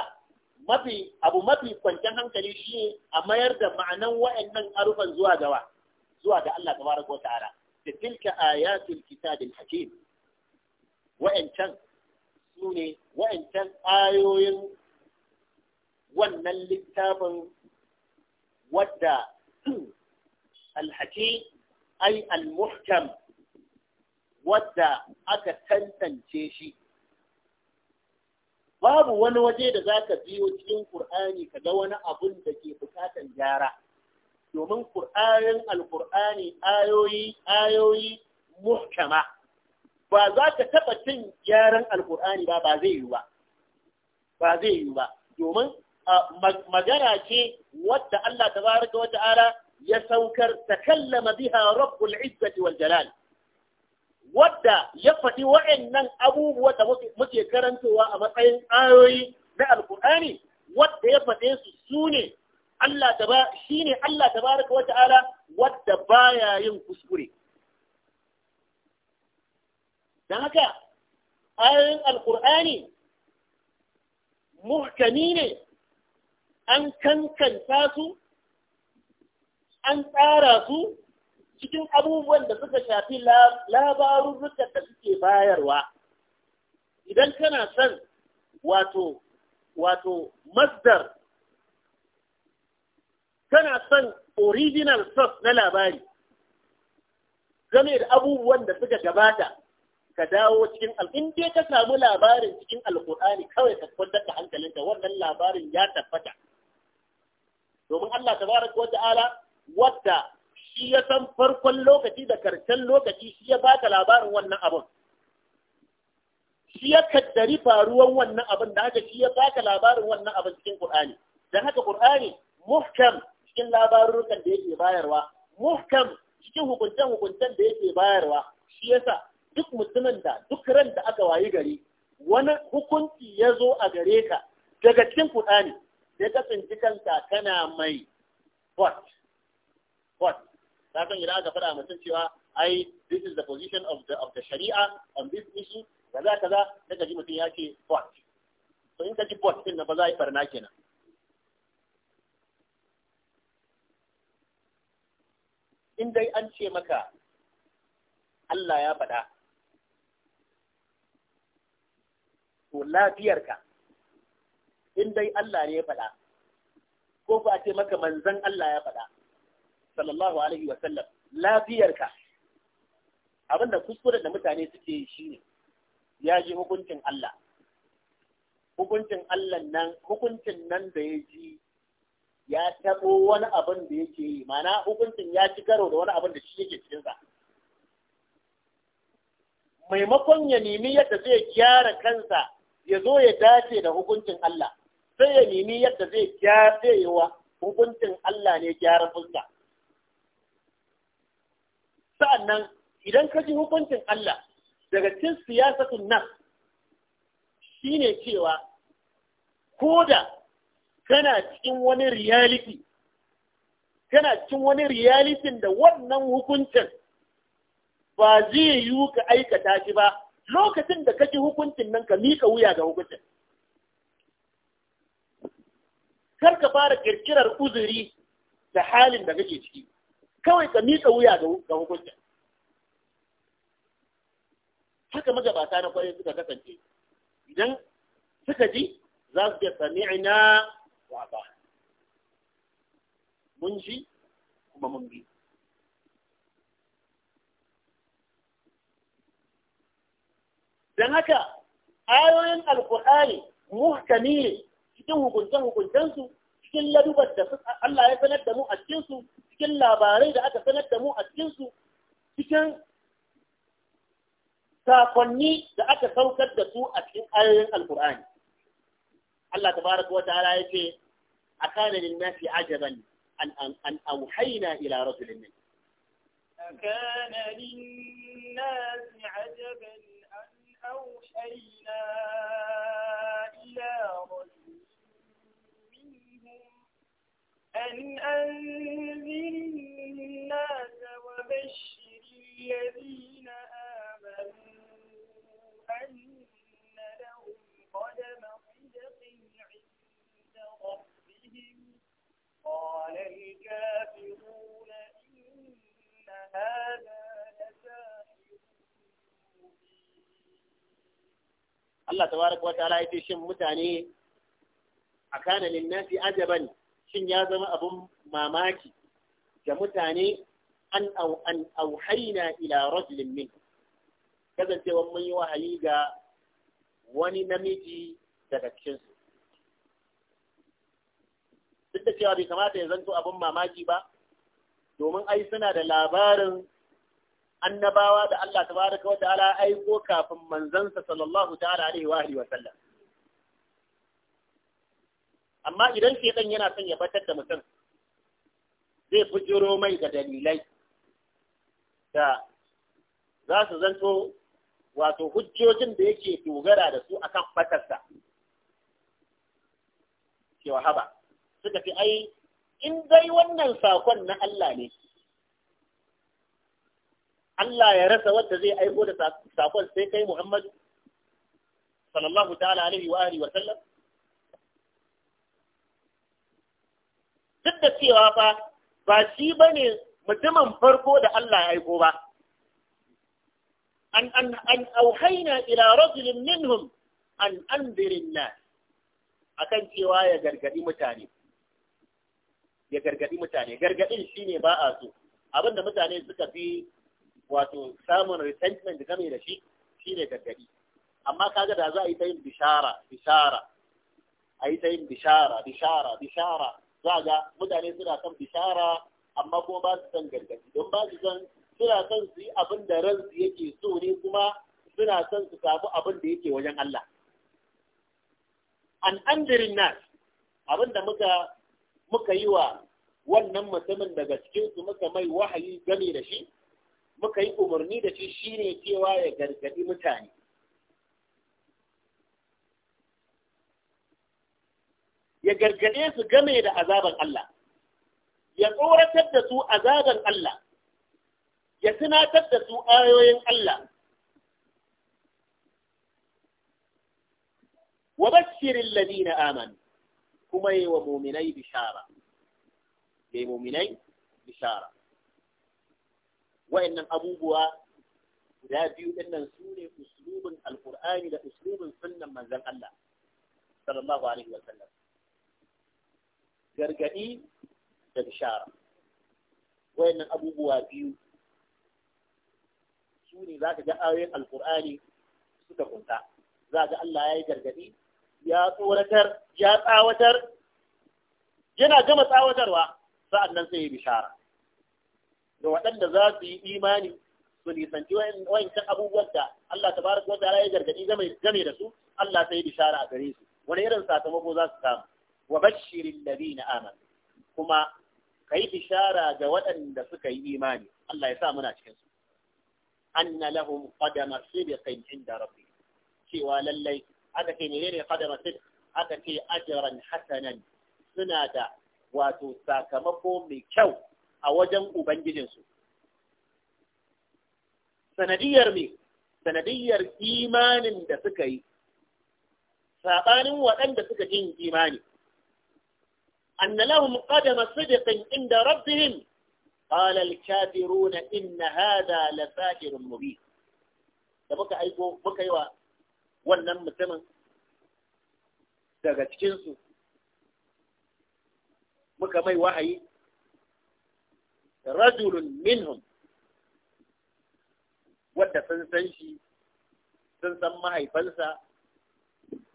mafi abu mafi kwanciyar hankali shi a mayar da ma'anan wa'annan arufan zuwa gawa zuwa ga Allah tabaraka wa ta'ala da tilka ayatul kitabil hakim wa'ancan su ne wa'ancan ayoyin wannan littafin wadda alhaki ai almuhkam wadda aka tantance shi babu wani waje da za ka biyo cikin Kur'ani ka ga wani abun da ke bukatan gyara. Domin Kur'anin Alkur'ani ayoyi, ayoyi muhkama. Ba za ka taɓa cin gyaran Alkur'ani ba, ba zai yi ba. Ba zai yi ba. Domin magana ce wadda Allah tabaraka Wa.T.A. ara ya saukar ta kallama biha rabbul izzati wal jalal. wadda ya faɗi waɗannan abubuwa da muke karantowa a matsayin ayoyi na alkur'ani wadda ya faɗe su su ne shi ne Allah Ta tabaraka wa ta'ala wadda baya yin kuskure don haka ayoyin alkur'ani muhkami ne an kankanta su an tsara su cikin abubuwan da suka shafi labarurrukan da suke bayarwa idan kana son wato wato masdar kana son original source na labari game da abubuwan da suka gabata ka dawo cikin al'inda ka samu labarin cikin alkur'ani kawai ka kwantar da hankalinka wannan labarin ya tabbata domin Allah tabaraka wata ala wadda shi ya san farkon lokaci da karshen lokaci shi ya ba ka labarin wannan abun shi ya kaddari faruwan wannan abin da haka shi ya ba ka labarin wannan abin cikin Qur'ani da haka Qur'ani muhkam cikin labarurukan da yake bayarwa muhkam cikin hukuncen hukuncen da yake bayarwa shi ya sa duk mutumin da duk ran da aka wayi gari wani hukunci ya zo a gare ka daga cikin kur'ani daga ka tsinci kanka kana mai what what ka san idan aka faɗa mutum cewa ai this is the position of the of the sharia on this issue za za da ka ji mutum ya ce bot to in ka ji bot din na ba za a yi barna kenan in dai an ce maka Allah ya faɗa to lafiyarka in dai Allah ne ya faɗa ko ba a ce maka manzan Allah ya faɗa sallallahu alaihi wa sallam lafiyarka abinda kuskuren da mutane suke yi shine ya ji hukuncin Allah hukuncin Allah nan hukuncin nan da ya ji ya tabo wani abin da yake yi mana hukuncin ya ci karo da wani abin da shi yake cikin sa maimakon ya nemi yadda zai gyara kansa ya zo ya dace da hukuncin Allah sai ya nemi yadda zai gyara hukuncin Allah ne gyara fuska sa'annan idan ka ji hukuncin Allah daga cin siyasatun nan ne cewa ko da kana cikin wani reality kana cikin wani reality da wannan hukuncin ba zai yiwu ka aikata shi ba lokacin da ji hukuncin nan ka mika wuya ga hukuncin kar ka fara ƙirƙirar uzuri da halin da kake ciki kawai ka miƙa wuya ga hukunta haka magabata na kwarai suka kasance idan suka ji za su ce sami'ina wa ba mun ji kuma mun bi don haka ayoyin alkur'ani muhkami ne cikin hukuncen hukuncensu cikin ladubar da Allah ya sanar da mu a cikinsu cikin labarai da aka sanar da mu a cikinsu cikin sakonni da aka saukar da su a cikin ayoyin alkur'ani Allah tabaraka wa ta'ala ya ce a kana lin nasi ajaban an auhaina auhayna ila rajulin min كان للناس عجبا أن أوحينا إلى رجل منهم أن وبشر الذين آمنوا أن لهم قدم صدق عند ربهم قال الكافرون إن هذا Allah tabaraka wa ta'ala yace shin mutane akana linnasi ajaban shin ya zama abun mamaki ga mutane an au an ila rajulin min kasancewa mun yi wahayi ga wani namiji daga cikin duk da cewa bai kamata ya zanto abin mamaki ba domin ai suna da labarin annabawa da Allah tabaraka wa ta'ala aiko kafin manzansa sallallahu ta'ala alaihi wa alihi wa sallam amma idan shedan yana son ya batar da mutum zai fujiro mai ga dalilai da za su zanto wato hujjojin da yake dogara da su akan fatarsa ke wahaba suka fi ai in dai wannan sakon na Allah ne Allah ya rasa wanda zai aiko da sakon sai kai Muhammadu sallallahu ta'ala alaihi wa alihi wa sallam duk da cewa fa ba shi bane mutumin farko da Allah ya aiko ba an an ila rajulin minhum an anzirin A akan cewa ya gargadi mutane ya gargadi mutane gargadin shine ba a so abinda mutane suka fi wato samun resentment game da shi shine gargadi amma kaga da za a yi ta yin bishara bishara a yi ta yin bishara bishara bishara za ga mutane suna kan bishara amma ko ba su san gargaɗi don ba su san suna son su yi abin da ransu yake so ne kuma suna son su samu abin da yake wajen Allah. An andirin nas abin da muka muka yi wa wannan mutumin daga cikinsu muka mai wahayi game da shi, muka yi umarni da shi shine cewa ya gargaɗi mutane. Ya gargaɗe su game da azaban Allah. ya tsoratar da su azaban Allah ya tunatar da su ayoyin Allah wa bashirin ladina aman, kuma yi wa muminai bishara yi muminai bishara abubuwa guda biyu ɗinnan su ne uslubin alkur'ani da uslubin Sunan manzan Allah sallallahu alaihi wa sallam da bishara wayannan abubuwa biyu su ne za ka ga ayoyin alkur'ani suka kunta za ga Allah ya yi gargadi ya tsoratar ya tsawatar yana gama tsawatarwa sa'ad nan sai ya bishara Da waɗanda za su yi imani su nisanci wayancan abubuwan da Allah ta baraka wata ya yi gargadi game da su Allah sai ya bishara a gare su wani irin sakamako za su samu wa bashirin na amanu kuma ka yi bishara ga waɗanda suka yi imani Allah ya sa muna cikin su anna da kai sidqin inda rafi, cewa lallai aka ce ne menene qadama sidq aka ce ajran hasanan suna da wato sakamako mai kyau a wajen ubangijinsu sanadiyar me sanadiyar imanin da suka yi saɓanin waɗanda suka yi imani أن لهم قدم صدق عند ربهم قال الكافرون إن هذا لساحر مبين da muka aiko muka yi wa wannan mutumin daga cikinsu muka mai wahayi rajulun minhum wadda sun san shi sun san mahaifansa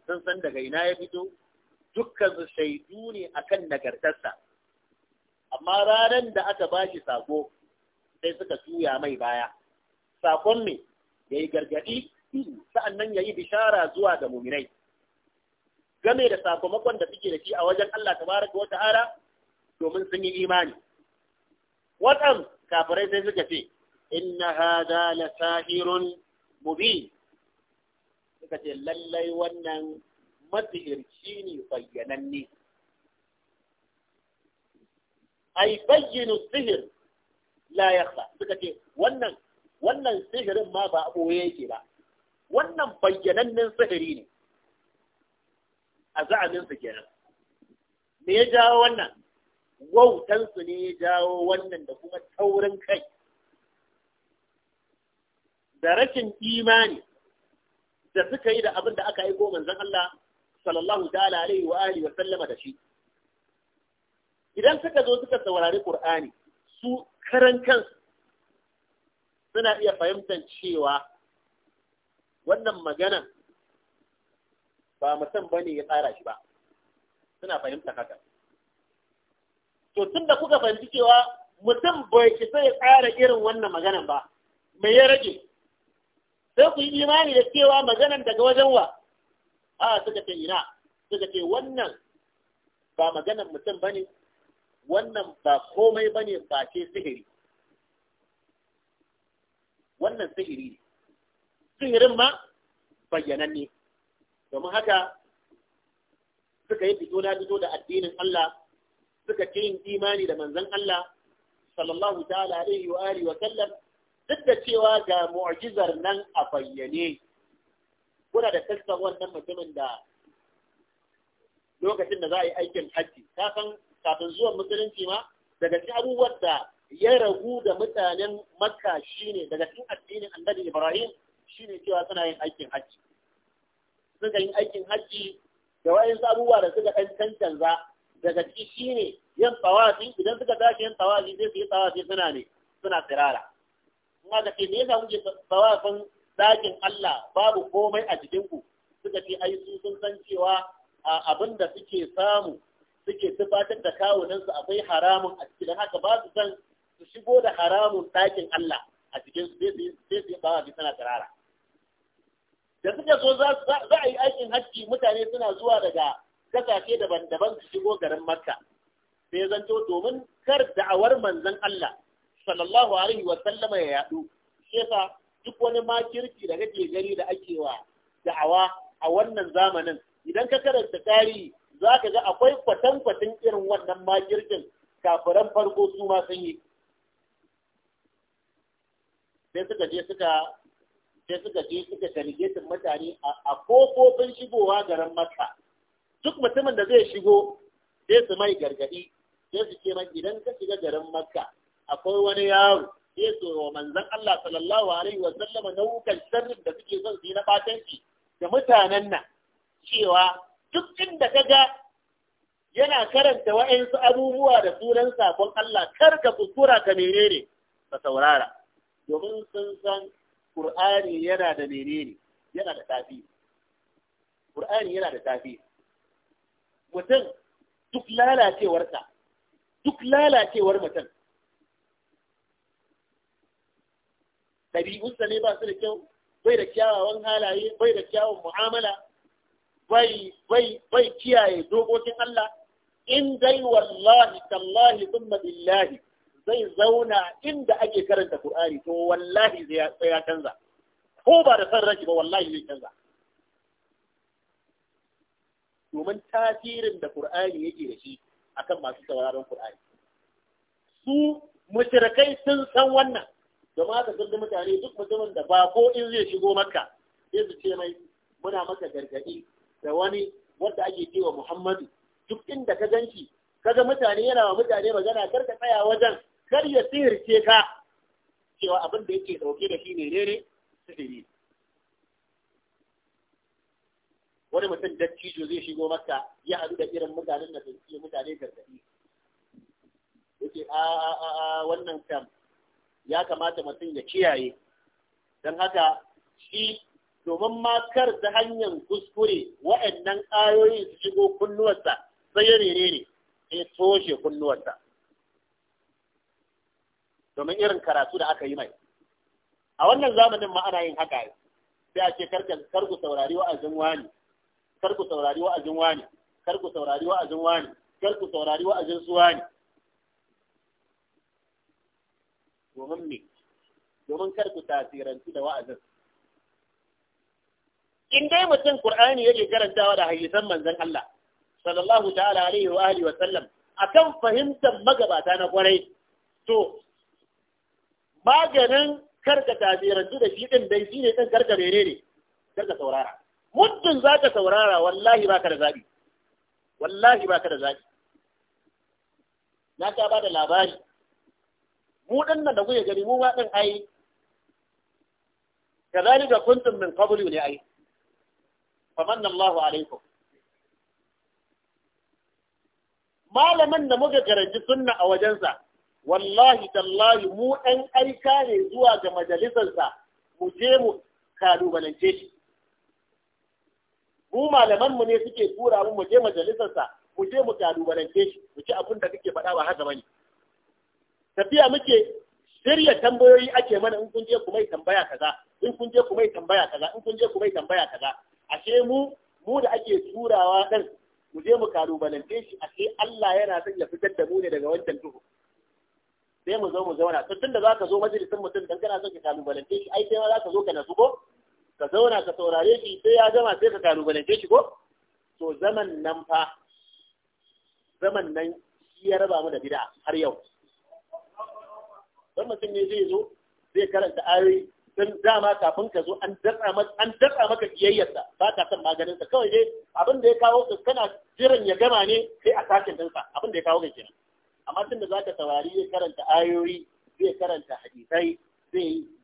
sun san daga ina ya fito dukkan shaidu ne kan nagartarsa amma ranar da aka ba shi sako sai suka juya mai baya sakon ne ya yi gargaɗi sa'annan ya yi bishara zuwa ga muminai game da sakamakon da suke da shi a wajen Allah tabaraka wata ara domin sun yi imani waɗan kafirai sai suka ce inna hada la sahirun mubi, suka ce lallai wannan matsirci ne bayyananne ai bayyinu sihir la yakhfa suka ce wannan wannan sihirin ma ba ya yake ba wannan bayyanannen sihiri ne a za'amin su kenan me ya jawo wannan wautan ne ya jawo wannan da kuma taurin kai da rashin imani da suka yi da abin da aka aiko manzon Allah sallallahu ta'ala alaihi wa alihi wa sallama da shi idan suka zo suka saurari Qur'ani su karan kansu suna iya fahimtar cewa wannan magana ba mutum bane ya tsara shi ba suna fahimta haka to tunda kuka fahimci cewa mutum bai ki ya tsara irin wannan maganan ba me ya rage sai ku yi imani da cewa maganan daga wajen wa a suka ce ina suka ce wannan ba maganar mutum bane wannan ba komai bane ba ce sihiri wannan sihiri ne sihirin ma bayyananne domin haka suka yi fito na fito da addinin Allah suka ce yin imani da manzon Allah sallallahu ta'ala alaihi wa alihi wa sallam duk da cewa ga mu'jizar nan a bayyane kuna da tattar wannan mutumin da lokacin da za a yi aikin hajji ta san kafin zuwan musulunci ma daga cikin abubuwan da ya ragu da mutanen makka shine daga cikin addinin annabi ibrahim shine cewa suna yin aikin hajji suka yin aikin hajji da wayan abubuwa da suka ɗan cancanza daga ciki shine yin tsawafi idan suka tashi yin tsawafi sai su yi tsawafi suna ne suna tsirara in da ke ne yasa samu tsawafin ɗakin Allah babu komai a jikinku suka ce ai su sun san cewa abin da suke samu suke tufatar da kawunansu akwai haramun a cikin haka ba su san su shigo da haramun ɗakin Allah a cikin su sai su yi bawa bi sana tarara. Da suka so za a yi aikin hajji mutane suna zuwa daga kasashe daban-daban su shigo garin Makka. Sai zanto domin kar da'awar manzon Allah sallallahu alaihi wa sallama ya yaɗu. Shefa duk wani makirci da kake gani da ake wa da'awa a wannan zamanin idan ka karanta tarihi za ka ga akwai kwatankwatan irin wannan makircin kafiran farko su ma sun yi sai suka je suka sai suka je suka mutane a kofofin shigowa garin makka duk mutumin da zai shigo sai su mai gargadi sai su ce mai idan ka shiga garin makka akwai wani yaro sai su wa manzan Allah sallallahu alaihi wa sallama nau'ukan sarrin da suke son su yi na batanci da mutanen nan cewa duk inda ka ga yana karanta wa'ansu abubuwa da sunan sakon Allah kar ka kuskura ka menene ka saurara domin sun san Qur'ani yana da menene yana da tafi Qur'ani yana da tafi mutum duk lalacewarsa duk lalacewar mutum ɗabi'unsa ne ba su da kyau bai da kyawawan halaye bai da kyawun mu'amala bai kiyaye dokokin Allah in dai wallahi tallahi thumma billahi zai zauna inda ake karanta Qur'ani to wallahi zai ya canza ko ba da san rashi ba wallahi zai canza domin tasirin da Qur'ani yake da shi akan masu sauraron Qur'ani su mushrikai sun san wannan jama'a ka da mutane duk mutumin da ba ko in zai shigo maka? sai su ce mai muna maka gargaɗi da wani wanda ake cewa muhammadu duk inda ka ganci kaga mutane yana wa mutane magana kar ka tsaya wajen kar ya sihirce ka cewa abin da yake dauke da shi ne ne ne sihiri wani mutum dattijo zai shigo maka ya haɗu da irin mutanen da sun mutane gargadi yake a a a wannan kam ya kamata mutum ya kiyaye don haka shi domin makar ta hanyar kuskure waɗannan ayoyi su shigo kunnuwarsa sai ya rere ne ya toshe kunnuwarsa domin irin karatu da aka yi mai a wannan zamanin ma ana yin haka sai a ce karku saurari wa'azin wani karku saurari wa'azin wani karku saurari wa'azin wani karku saurari wa'azin su wani domin me domin kar ku tasirantu da wa'azin in dai mutum Qur'ani yake karantawa da hayyatan manzon Allah sallallahu ta'ala alaihi wa alihi wa sallam akan fahimtar magabata na kwarai to maganin karka tasirantu da shi din dai shine kan karka menene karka saurara muddin za ka saurara wallahi baka da zaɓi wallahi baka da zaɓi na ta ba da labari mu ɗan nan da kuke gani mu ma din ai ga kuntum min qablu ne ai famanna Allahu alaikum malamin da muka karanci sunna a wajensa wallahi tallahi mu ɗan aika ne zuwa ga majalisarsa mu je mu kalubalance shi mu malamanmu ne suke tura mu mu je majalisarsa mu je mu kalubalance shi mu ci abin da kake faɗa ba haka bane tafiya muke shirya tambayoyi ake mana in kun je kuma yi tambaya kaza in kun je kuma yi tambaya kaza in kun je kuma yi tambaya kaza ashe mu mu da ake turawa din mu je mu kalubalance shi ashe Allah yana son ya fitar da mu ne daga wancan duhu sai mu zo mu zauna to tunda zaka zo majalisin mutum dan kana son ka kalubalance shi ai sai ma zaka zo ka nasu ko ka zauna ka saurare shi sai ya gama sai ka kalubalance shi ko to zaman nan fa zaman nan shi ya raba mu da bid'a har yau don mutum ne zai zo zai karanta ayoyi don dama kafin ka zo an datsa maka kiyayyarsa ba ta son sa kawai dai abin da ya kawo ka kana jiran ya gama ne sai a sashen ɗinsa abin da ya kawo ka kenan amma tun da za ka saurari zai karanta ayoyi zai karanta hadisai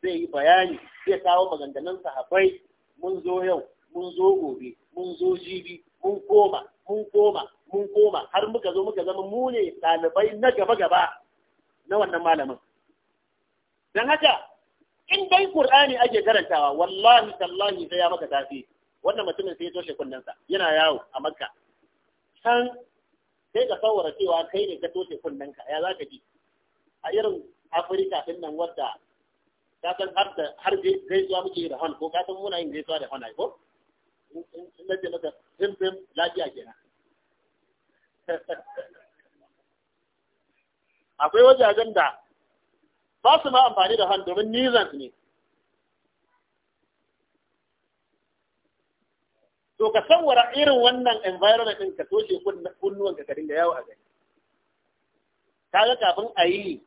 zai yi bayani zai kawo maganganun sahabbai mun zo yau mun zo gobe mun zo jibi mun koma mun koma mun koma har muka zo muka zama mu ne ɗalibai na gaba gaba na wannan malamin don haka in dai Qur'ani ake karantawa wallahi tallahi sai ya maka tafi wannan mutumin sai ya toshe kunnensa yana yawo a Makka can sai ka saurara cewa kai ne ka toshe kunnenka ya za ka ji a irin Afirka din nan wadda ka san har da har gaisuwa muke da hon ko ka san muna yin gaisuwa da hon ai ko in nace maka zim zim lafiya kenan akwai wajajen da ba su ma amfani da hannu domin nizan ne to ka wara irin wannan environment ɗin ka toshe kunnuwan ka dinga yawo a gari ga kafin a yi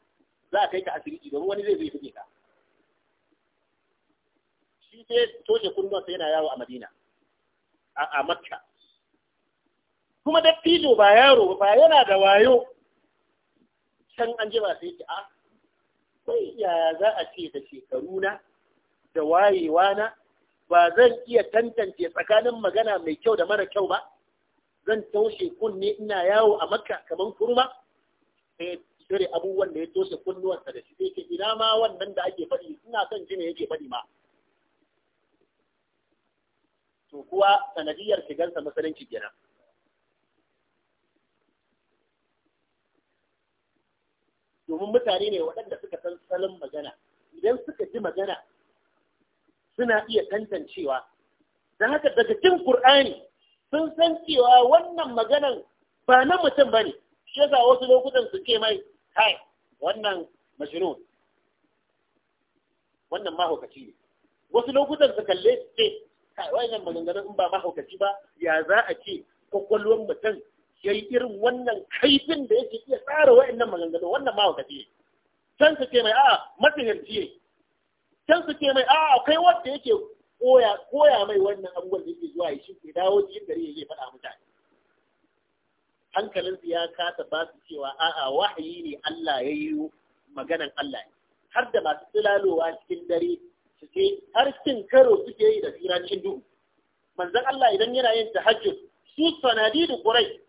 za a kai ka asibiti domin wani zai zai fi ka shi sai toshe kunnuwan sai yana yawo a madina a makka kuma dattijo ba yaro ba yana da wayo can an jima sai ki a ah, sai yaya za a ce da shekaru na da wayewa na ba zan iya tantance tsakanin magana mai kyau da mara kyau ba zan toshe kunne ina yawo a makka kamar kurma eh, sai dare abubuwan da ya toshe kunnuwansa da shi sai ke ina ma wannan da ake faɗi ina son ji ne yake faɗi ma to kuwa sanadiyar shigarsa musulunci kenan domin mutane ne waɗanda suka san salon magana idan suka ji magana suna iya tantancewa don haka daga cin Kur'ani sun san cewa wannan maganan ba na mutum ba ne shi yasa wasu lokutan su ce mai kai wannan mashinu wannan mahaukaci ne wasu lokutan su kalle su ce kai wannan maganganun in ba mahaukaci ba ya za a ce kwakwalwar mutum ya yi irin wannan kaifin da yake iya tsara nan maganganu wannan ma wakati ne can su ce mai a'a masihirci ne can su ce mai a'a akwai wanda yake koya mai wannan abubuwan da yake zuwa ya shi ke dawo cikin gari ya zai faɗa mutane hankalinsu ya kasa ba su cewa a'a wahayi ne Allah ya yi maganan Allah har da masu tsilalowa cikin dare su ce har cin karo suke yi da tsira duhu Manzan Allah idan yana yin tahajjud su sanadi da ƙurai.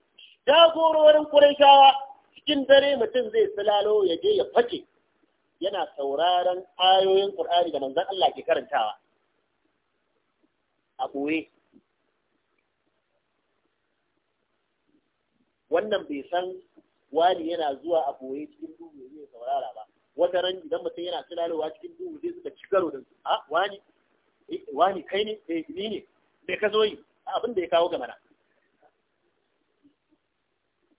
jagororin Qurayshawa cikin dare mutum zai silalo ya je ya fake yana sauraron ayoyin Qur'ani da manzan Allah ke karantawa a ɓoye wannan bai san wani yana zuwa a ɓoye cikin duhu zai saurara ba wata ran idan mutum yana tunanowa cikin duhu zai suka ci karo da su a ah, wani eh, wani kai ne eh ni ne me ka zo yi abin da ya kawo ga mana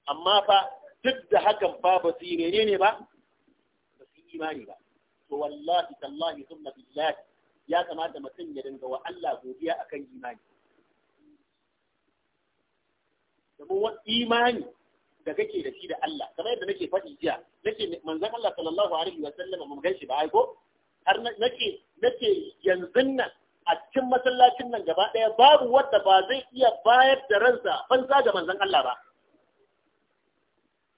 amma fa duk da hakan fa ba su ne ba ba su imani ba to wallahi tallahi thumma billahi ya kamata mutum ya dinga wa Allah godiya akan imani domin wa imani da kake da shi da Allah kamar yadda nake faɗi jiya nake manzon Allah sallallahu alaihi wa sallam mun gan shi ba ai ko har nake nake yanzu nan a cikin masallacin nan gaba ɗaya babu wanda ba zai iya bayar da ransa fansa ga manzon Allah ba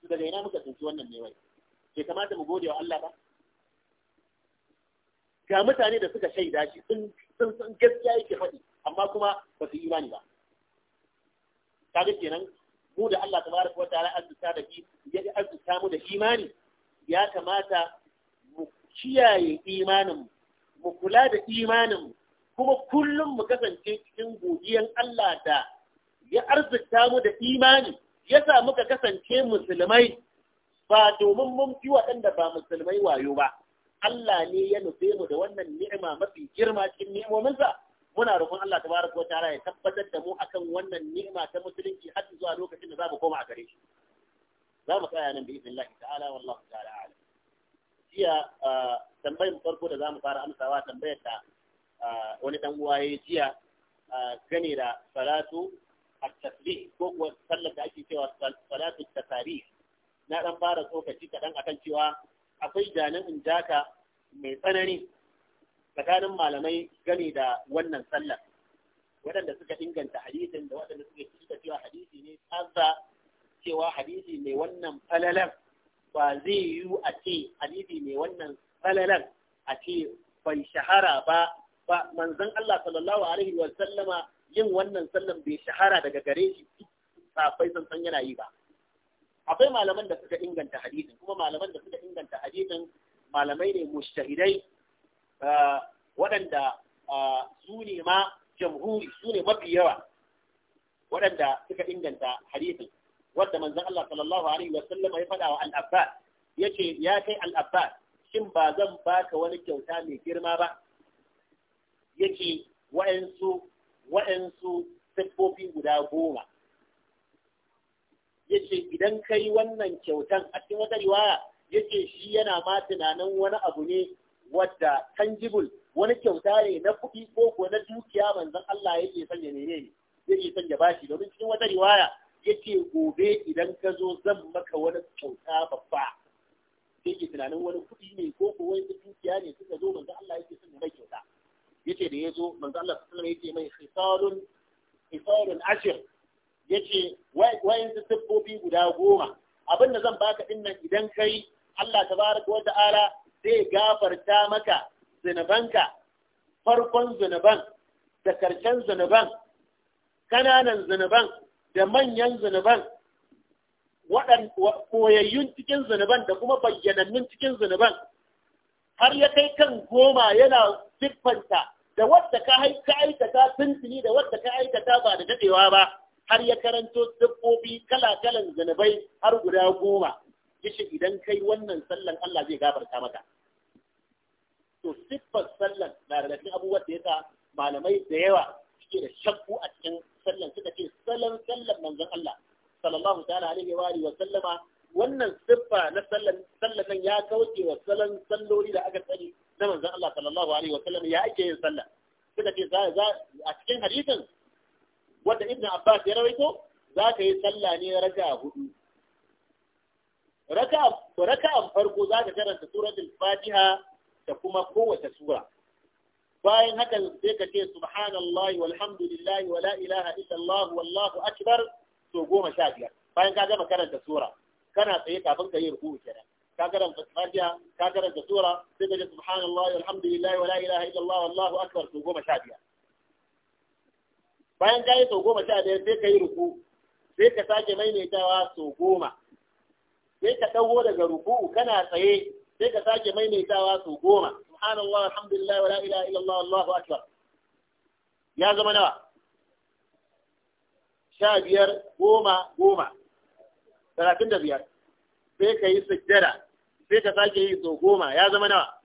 daga ina muka tsinci wannan ne wai bai kamata mu gode wa Allah ba ga mutane da suka shaida shi sun sun gaskiya yake faɗi amma kuma ba su imani ba kaga kenan mu da Allah tabaraka wa ta'ala azza da shi ya azzuta mu da imani ya kamata mu kiyaye imanin mu kula da imanin kuma kullum mu kasance cikin godiyan Allah da ya arzuta mu da imani yasa muka kasance musulmai ba domin mun fi waɗanda ba musulmai wayo ba Allah ne ya nufe mu da wannan ni'ima mafi girma cikin ni'imominsa muna roƙon Allah ta tabaraka wata ya tabbatar da mu akan wannan ni'ima ta musulunci har zuwa lokacin da za mu koma a gare shi za mu tsaya nan bi Allah ta'ala wallahu ta'ala a'lam jiya tambayar farko da za mu fara amsawa tambayar ta wani dan uwa ya jiya gane da salatu التسبيح كو ko kuwa da ake cewa salatu tasarih na dan fara tsokaci kaɗan akan cewa akwai janin injaka mai tsanani tsakanin malamai gani da wannan sallar waɗanda suka inganta hadisin da waɗanda suka cika cewa hadisi ne tsantsa cewa hadisi mai wannan falalan ba zai yiwu a ce hadisi mai wannan falalan a ce bai shahara ba ba manzon Allah sallallahu alaihi wa sallama yin wannan sallan bai shahara daga gare shi safai san san yana yi ba akwai malaman da suka inganta hadisin kuma malaman da suka inganta hadisin malamai ne mushtahidai ah, waɗanda ah, su ne ma jamhuri su ne mafi yawa waɗanda suka inganta hadisin wanda manzon Allah sallallahu alaihi wa sallam ya faɗa wa al-Abbas yace ya kai al-Abbas shin ba zan baka wani kyauta mai girma ba yake wa'ansu waɗansu siffofi guda goma ya ce idan kai wannan kyautan a cikin wata riwaya ya ce shi yana ma tunanin wani abu ne wadda tangible wani kyauta ne na kuɗi ko ko na dukiya manzan Allah yake sanya ya yake sanya bashi domin cikin wata riwaya ya ce gobe idan ka zo zan maka wani kyauta babba sai ke tunanin wani kuɗi ne ko ko wani dukiya ne suka zo manzan Allah yake sanya mai kyauta yace da yazo manzo Allah sallallahu alaihi yace mai khisalun khisalun ashir yace wai su siffofi guda goma abin da zan baka din nan idan kai Allah tabaraka wa ta'ala zai gafarta maka zunubanka farkon zunuban da karshen zunuban kananan zunuban da manyan zunuban koyayyun cikin zunuban da kuma bayyanannun cikin zunuban har ya kai kan goma yana siffanta da wadda ka aikata tuntuni da wadda ka aikata ba da dadewa ba har ya karanto dabbobi kala-kalan zanabai har guda goma kishi idan kai wannan sallan Allah zai gafarta maka to siffar sallan na da cikin abubuwan da yasa malamai da yawa suke da shakku a cikin sallan suka ce sallan sallan manzon Allah sallallahu ta'ala alaihi wa alihi wa sallama wannan siffa na sallan sallan ya kauce wa sallan salloli da aka sani ta manzon Allah sallallahu alaihi wa sallam ya ake yin sallah suka ce a cikin hadisin wanda Ibn Abbas ya rawaito za ka yi sallah ne raka'a hudu a farko za ka karanta suratul Fatiha da kuma kowace sura bayan hakan sai ka ce subhanallahi walhamdulillahi wala ilaha illallah wallahu akbar to goma sha biyar bayan ka gama karanta sura kana tsaye kafin ka yi ruku kenan كاكر الفاتحة كاكر الكسورة سجد سبحان الله والحمد لله ولا إله إلا الله والله أكبر سوقو مشادية بين جاي سوقو مشادية سيكا يركو سيكا ساجة مين يتاوى سوقو سيكا تولى جركو كان سيه سيكا ساجة مين يتاوى سوقو سبحان الله والحمد لله ولا إله إلا الله والله أكبر يا زمنا شادير قوما قوما ثلاثين دبيار سيكا يسجدها sai ka sake yi so goma ya zama nawa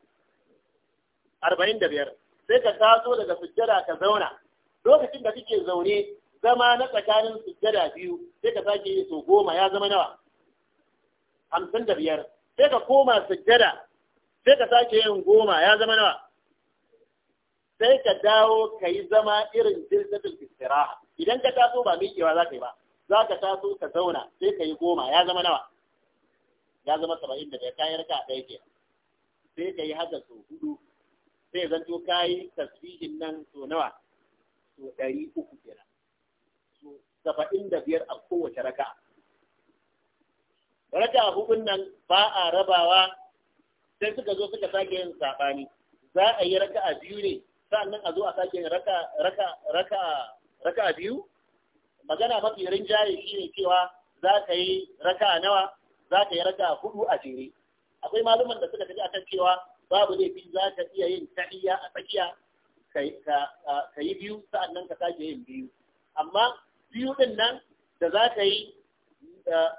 arba'in da biyar sai ka taso daga sujjada ka zauna lokacin da kake zaune zama na tsakanin sujjada biyu sai ka sake yi so goma ya zama nawa hamsin da biyar sai ka koma sujjada sai ka sake yin goma ya zama nawa sai ka dawo ka yi zama irin jirgin istiraha idan ka taso ba miƙewa za ka yi ba za ka taso ka zauna sai ka yi goma ya zama nawa ya zama saba'in da ya kayar ka ɗaya ke sai ka yi haka sau hudu sai zanto yi tasbihin nan sau nawa sau ɗari uku kenan sau saba'in da biyar a kowace raka raka hudun nan ba a rabawa sai suka zo suka sake yin saɓani za a yi raka a biyu ne sa'annan a zo a sake yin raka raka raka raka a biyu magana mafi rinjaye shine cewa za ka yi raka nawa za ka yi raka hudu a jere akwai maluman da suka tafi akan cewa babu laifi za ka iya yin tahiyya a tsakiya ka yi biyu sa'annan ka sake yin biyu amma biyu din nan da za ka yi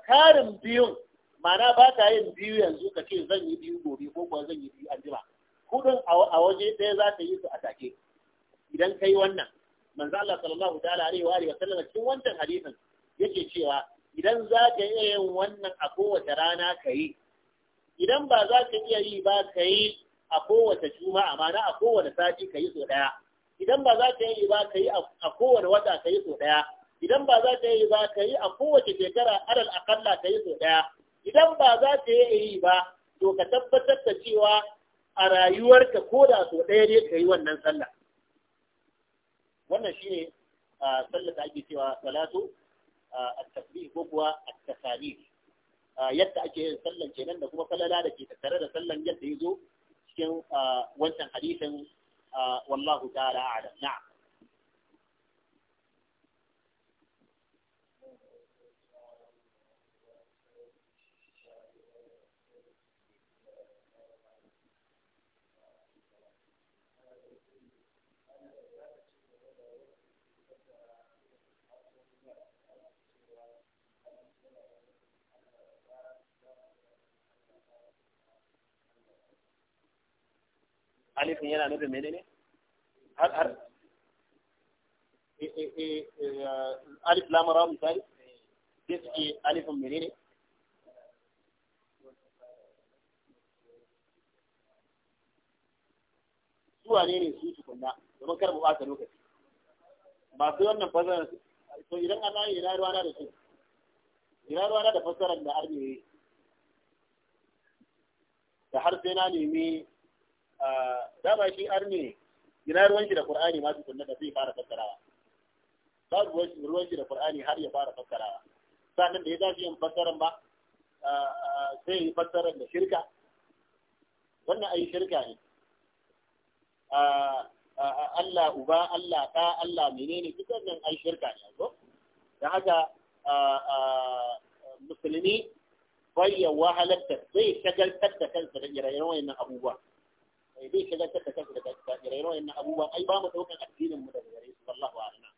karin biyun mana ba ka yin biyu yanzu ka ce zan yi biyu gobe ko kuwa zan yi biyu an jima hudun a waje ɗaya za ka yi su a take idan ka yi wannan manzo Allah sallallahu ta'ala alaihi wa wa sallam cikin wancan hadisin yake cewa idan za ka iya yin wannan a kowace rana ka yi idan ba za ka iya yi ba ka yi a kowace juma'a ma na a kowane sati ka yi so ɗaya idan ba za ka yi ba ka yi a kowane wata ka yi so ɗaya idan ba za ka yi ba ka yi a kowace shekara alal akalla ka yi so ɗaya idan ba za ka yi ba to ka tabbatar da cewa a rayuwarka ko da so ɗaya ne ka yi wannan sallah wannan shine ah, sallah da ake cewa salatu at-tasbih ko kuwa at yadda ake yin sallan kenan da kuma falala da ke tattare da sallan yadda zo cikin wancan hadisin wallahu ta'ala a'lam na'am alifin yana nufin menene har har eh, eh, eh, alif lamara misali sai suke alifin menene suwa ne ne su tukunna domin kar mu ɓata lokaci masu wannan fasarar to idan an ayi ina ruwa na da su ina na da fasarar da arne da har sai na nemi dama shi arne ina ruwan shi da Qur'ani ma tukunna da zai fara fassarawa babu ruwan shi da Qur'ani har ya fara fassarawa sannan da ya tashi yin fassaran ba sai yi fassaran da shirka wannan ai shirka ne Allah uba Allah ɗa Allah menene duk wannan ai shirka ne da haka musulmi bai ya wahalar da zai shagaltar da kansa da ire-iren wayannan abubuwa zai shagaltar da kansa daga ai ba mu daukan addinin mu daga gare su wallahu a'lam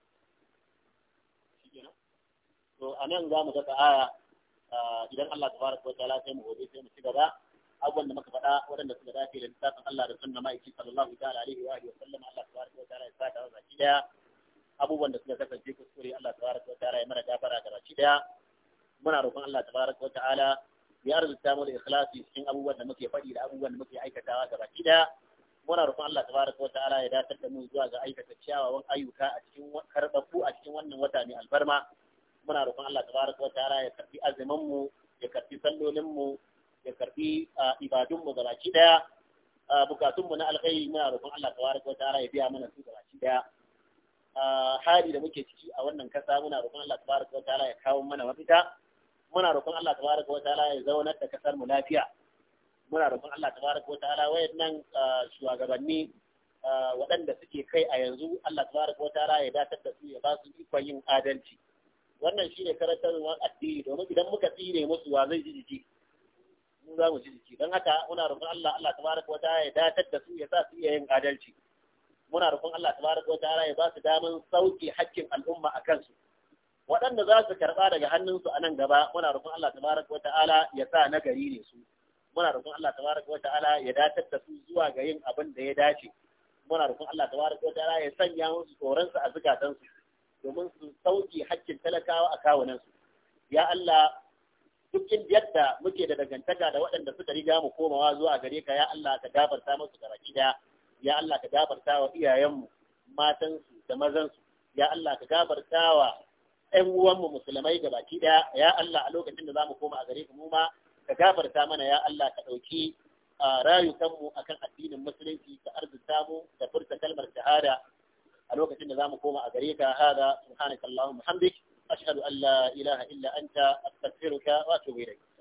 to anan za mu ga aya idan Allah tabaraka wa ta'ala sai mu gobe sai mu ci gaba abubuwan da muka faɗa waɗanda suka dace da littafin Allah da sunna ma'aiki sallallahu ta'ala alaihi wa alihi wa sallam Allah tabaraka wa ta'ala ya sa ta baki daya abubuwan da suka kasance kuskure Allah tabaraka wa ta'ala ya mara gafara ga baki daya muna roƙon Allah tabaraka wa ta'ala ya arzuta mu da ikhlasi cikin abubuwan da muke faɗi da abubuwan da muke aikatawa baki ɗaya muna roƙon Allah tabaraka wa ta'ala ya dace da mu zuwa ga aikata kyawawan ayyuka a cikin karɓaɓɓu a cikin wannan wata mai albarma muna roƙon Allah tabaraka wa ta'ala ya karɓi azumin mu ya karɓi sallolin mu ya karɓi ibadun mu baki ɗaya bukatun mu na alkhairi muna roƙon Allah tabaraka wa ta'ala ya biya mana su ga baki ɗaya hali da muke ciki a wannan kasa muna roƙon Allah tabaraka wa ta'ala ya kawo mana mafita muna roƙon Allah tabaraka wa ta'ala ya zaunar da kasar mu lafiya muna roƙon Allah tabaraka wa ta'ala wayannan uh, shugabanni uh, waɗanda suke kai a yanzu Allah tabaraka wa ta'ala ya dakatar da su ya ba su ikon yin adalci wannan shine karantarwar addini domin idan muka tsire musu wa zai ji jiki mu za mu ji jiki don haka muna roƙon Allah Allah tabaraka wa ta'ala ya dakatar da su ya sa su iya yin adalci muna roƙon Allah tabaraka wa ta'ala ya ba su daman sauke haƙƙin al'umma a kansu waɗanda za su karɓa daga hannunsu a nan gaba muna rukun Allah baraka wa ta'ala ya sa nagari ne su muna rukun Allah baraka wa ta'ala ya datar da su zuwa ga yin abin da ya dace muna rukun Allah baraka wa ta'ala ya sanya musu tsoron su a zukatan su domin su sauki hakkin talakawa a kawunan su ya Allah duk yadda muke da dangantaka da waɗanda suka riga mu komawa zuwa gare ka ya Allah ka gafarta musu da daya ya Allah ka gafarta wa iyayenmu matansu da mazansu ya Allah ka gafarta wa Yan uwanmu musulmai ga baki ɗaya ya Allah a lokacin da za mu koma a gare mu ma ka gafarta mana ya Allah ka ɗauki rayukanmu akan addinin musulunci ka arzuta mu da furta kalmar shahada a lokacin da za mu koma a gare ka hada subhanakallahumma hamdik ashhadu an la ilaha illa anta astaghfiruka wa atubu ilayk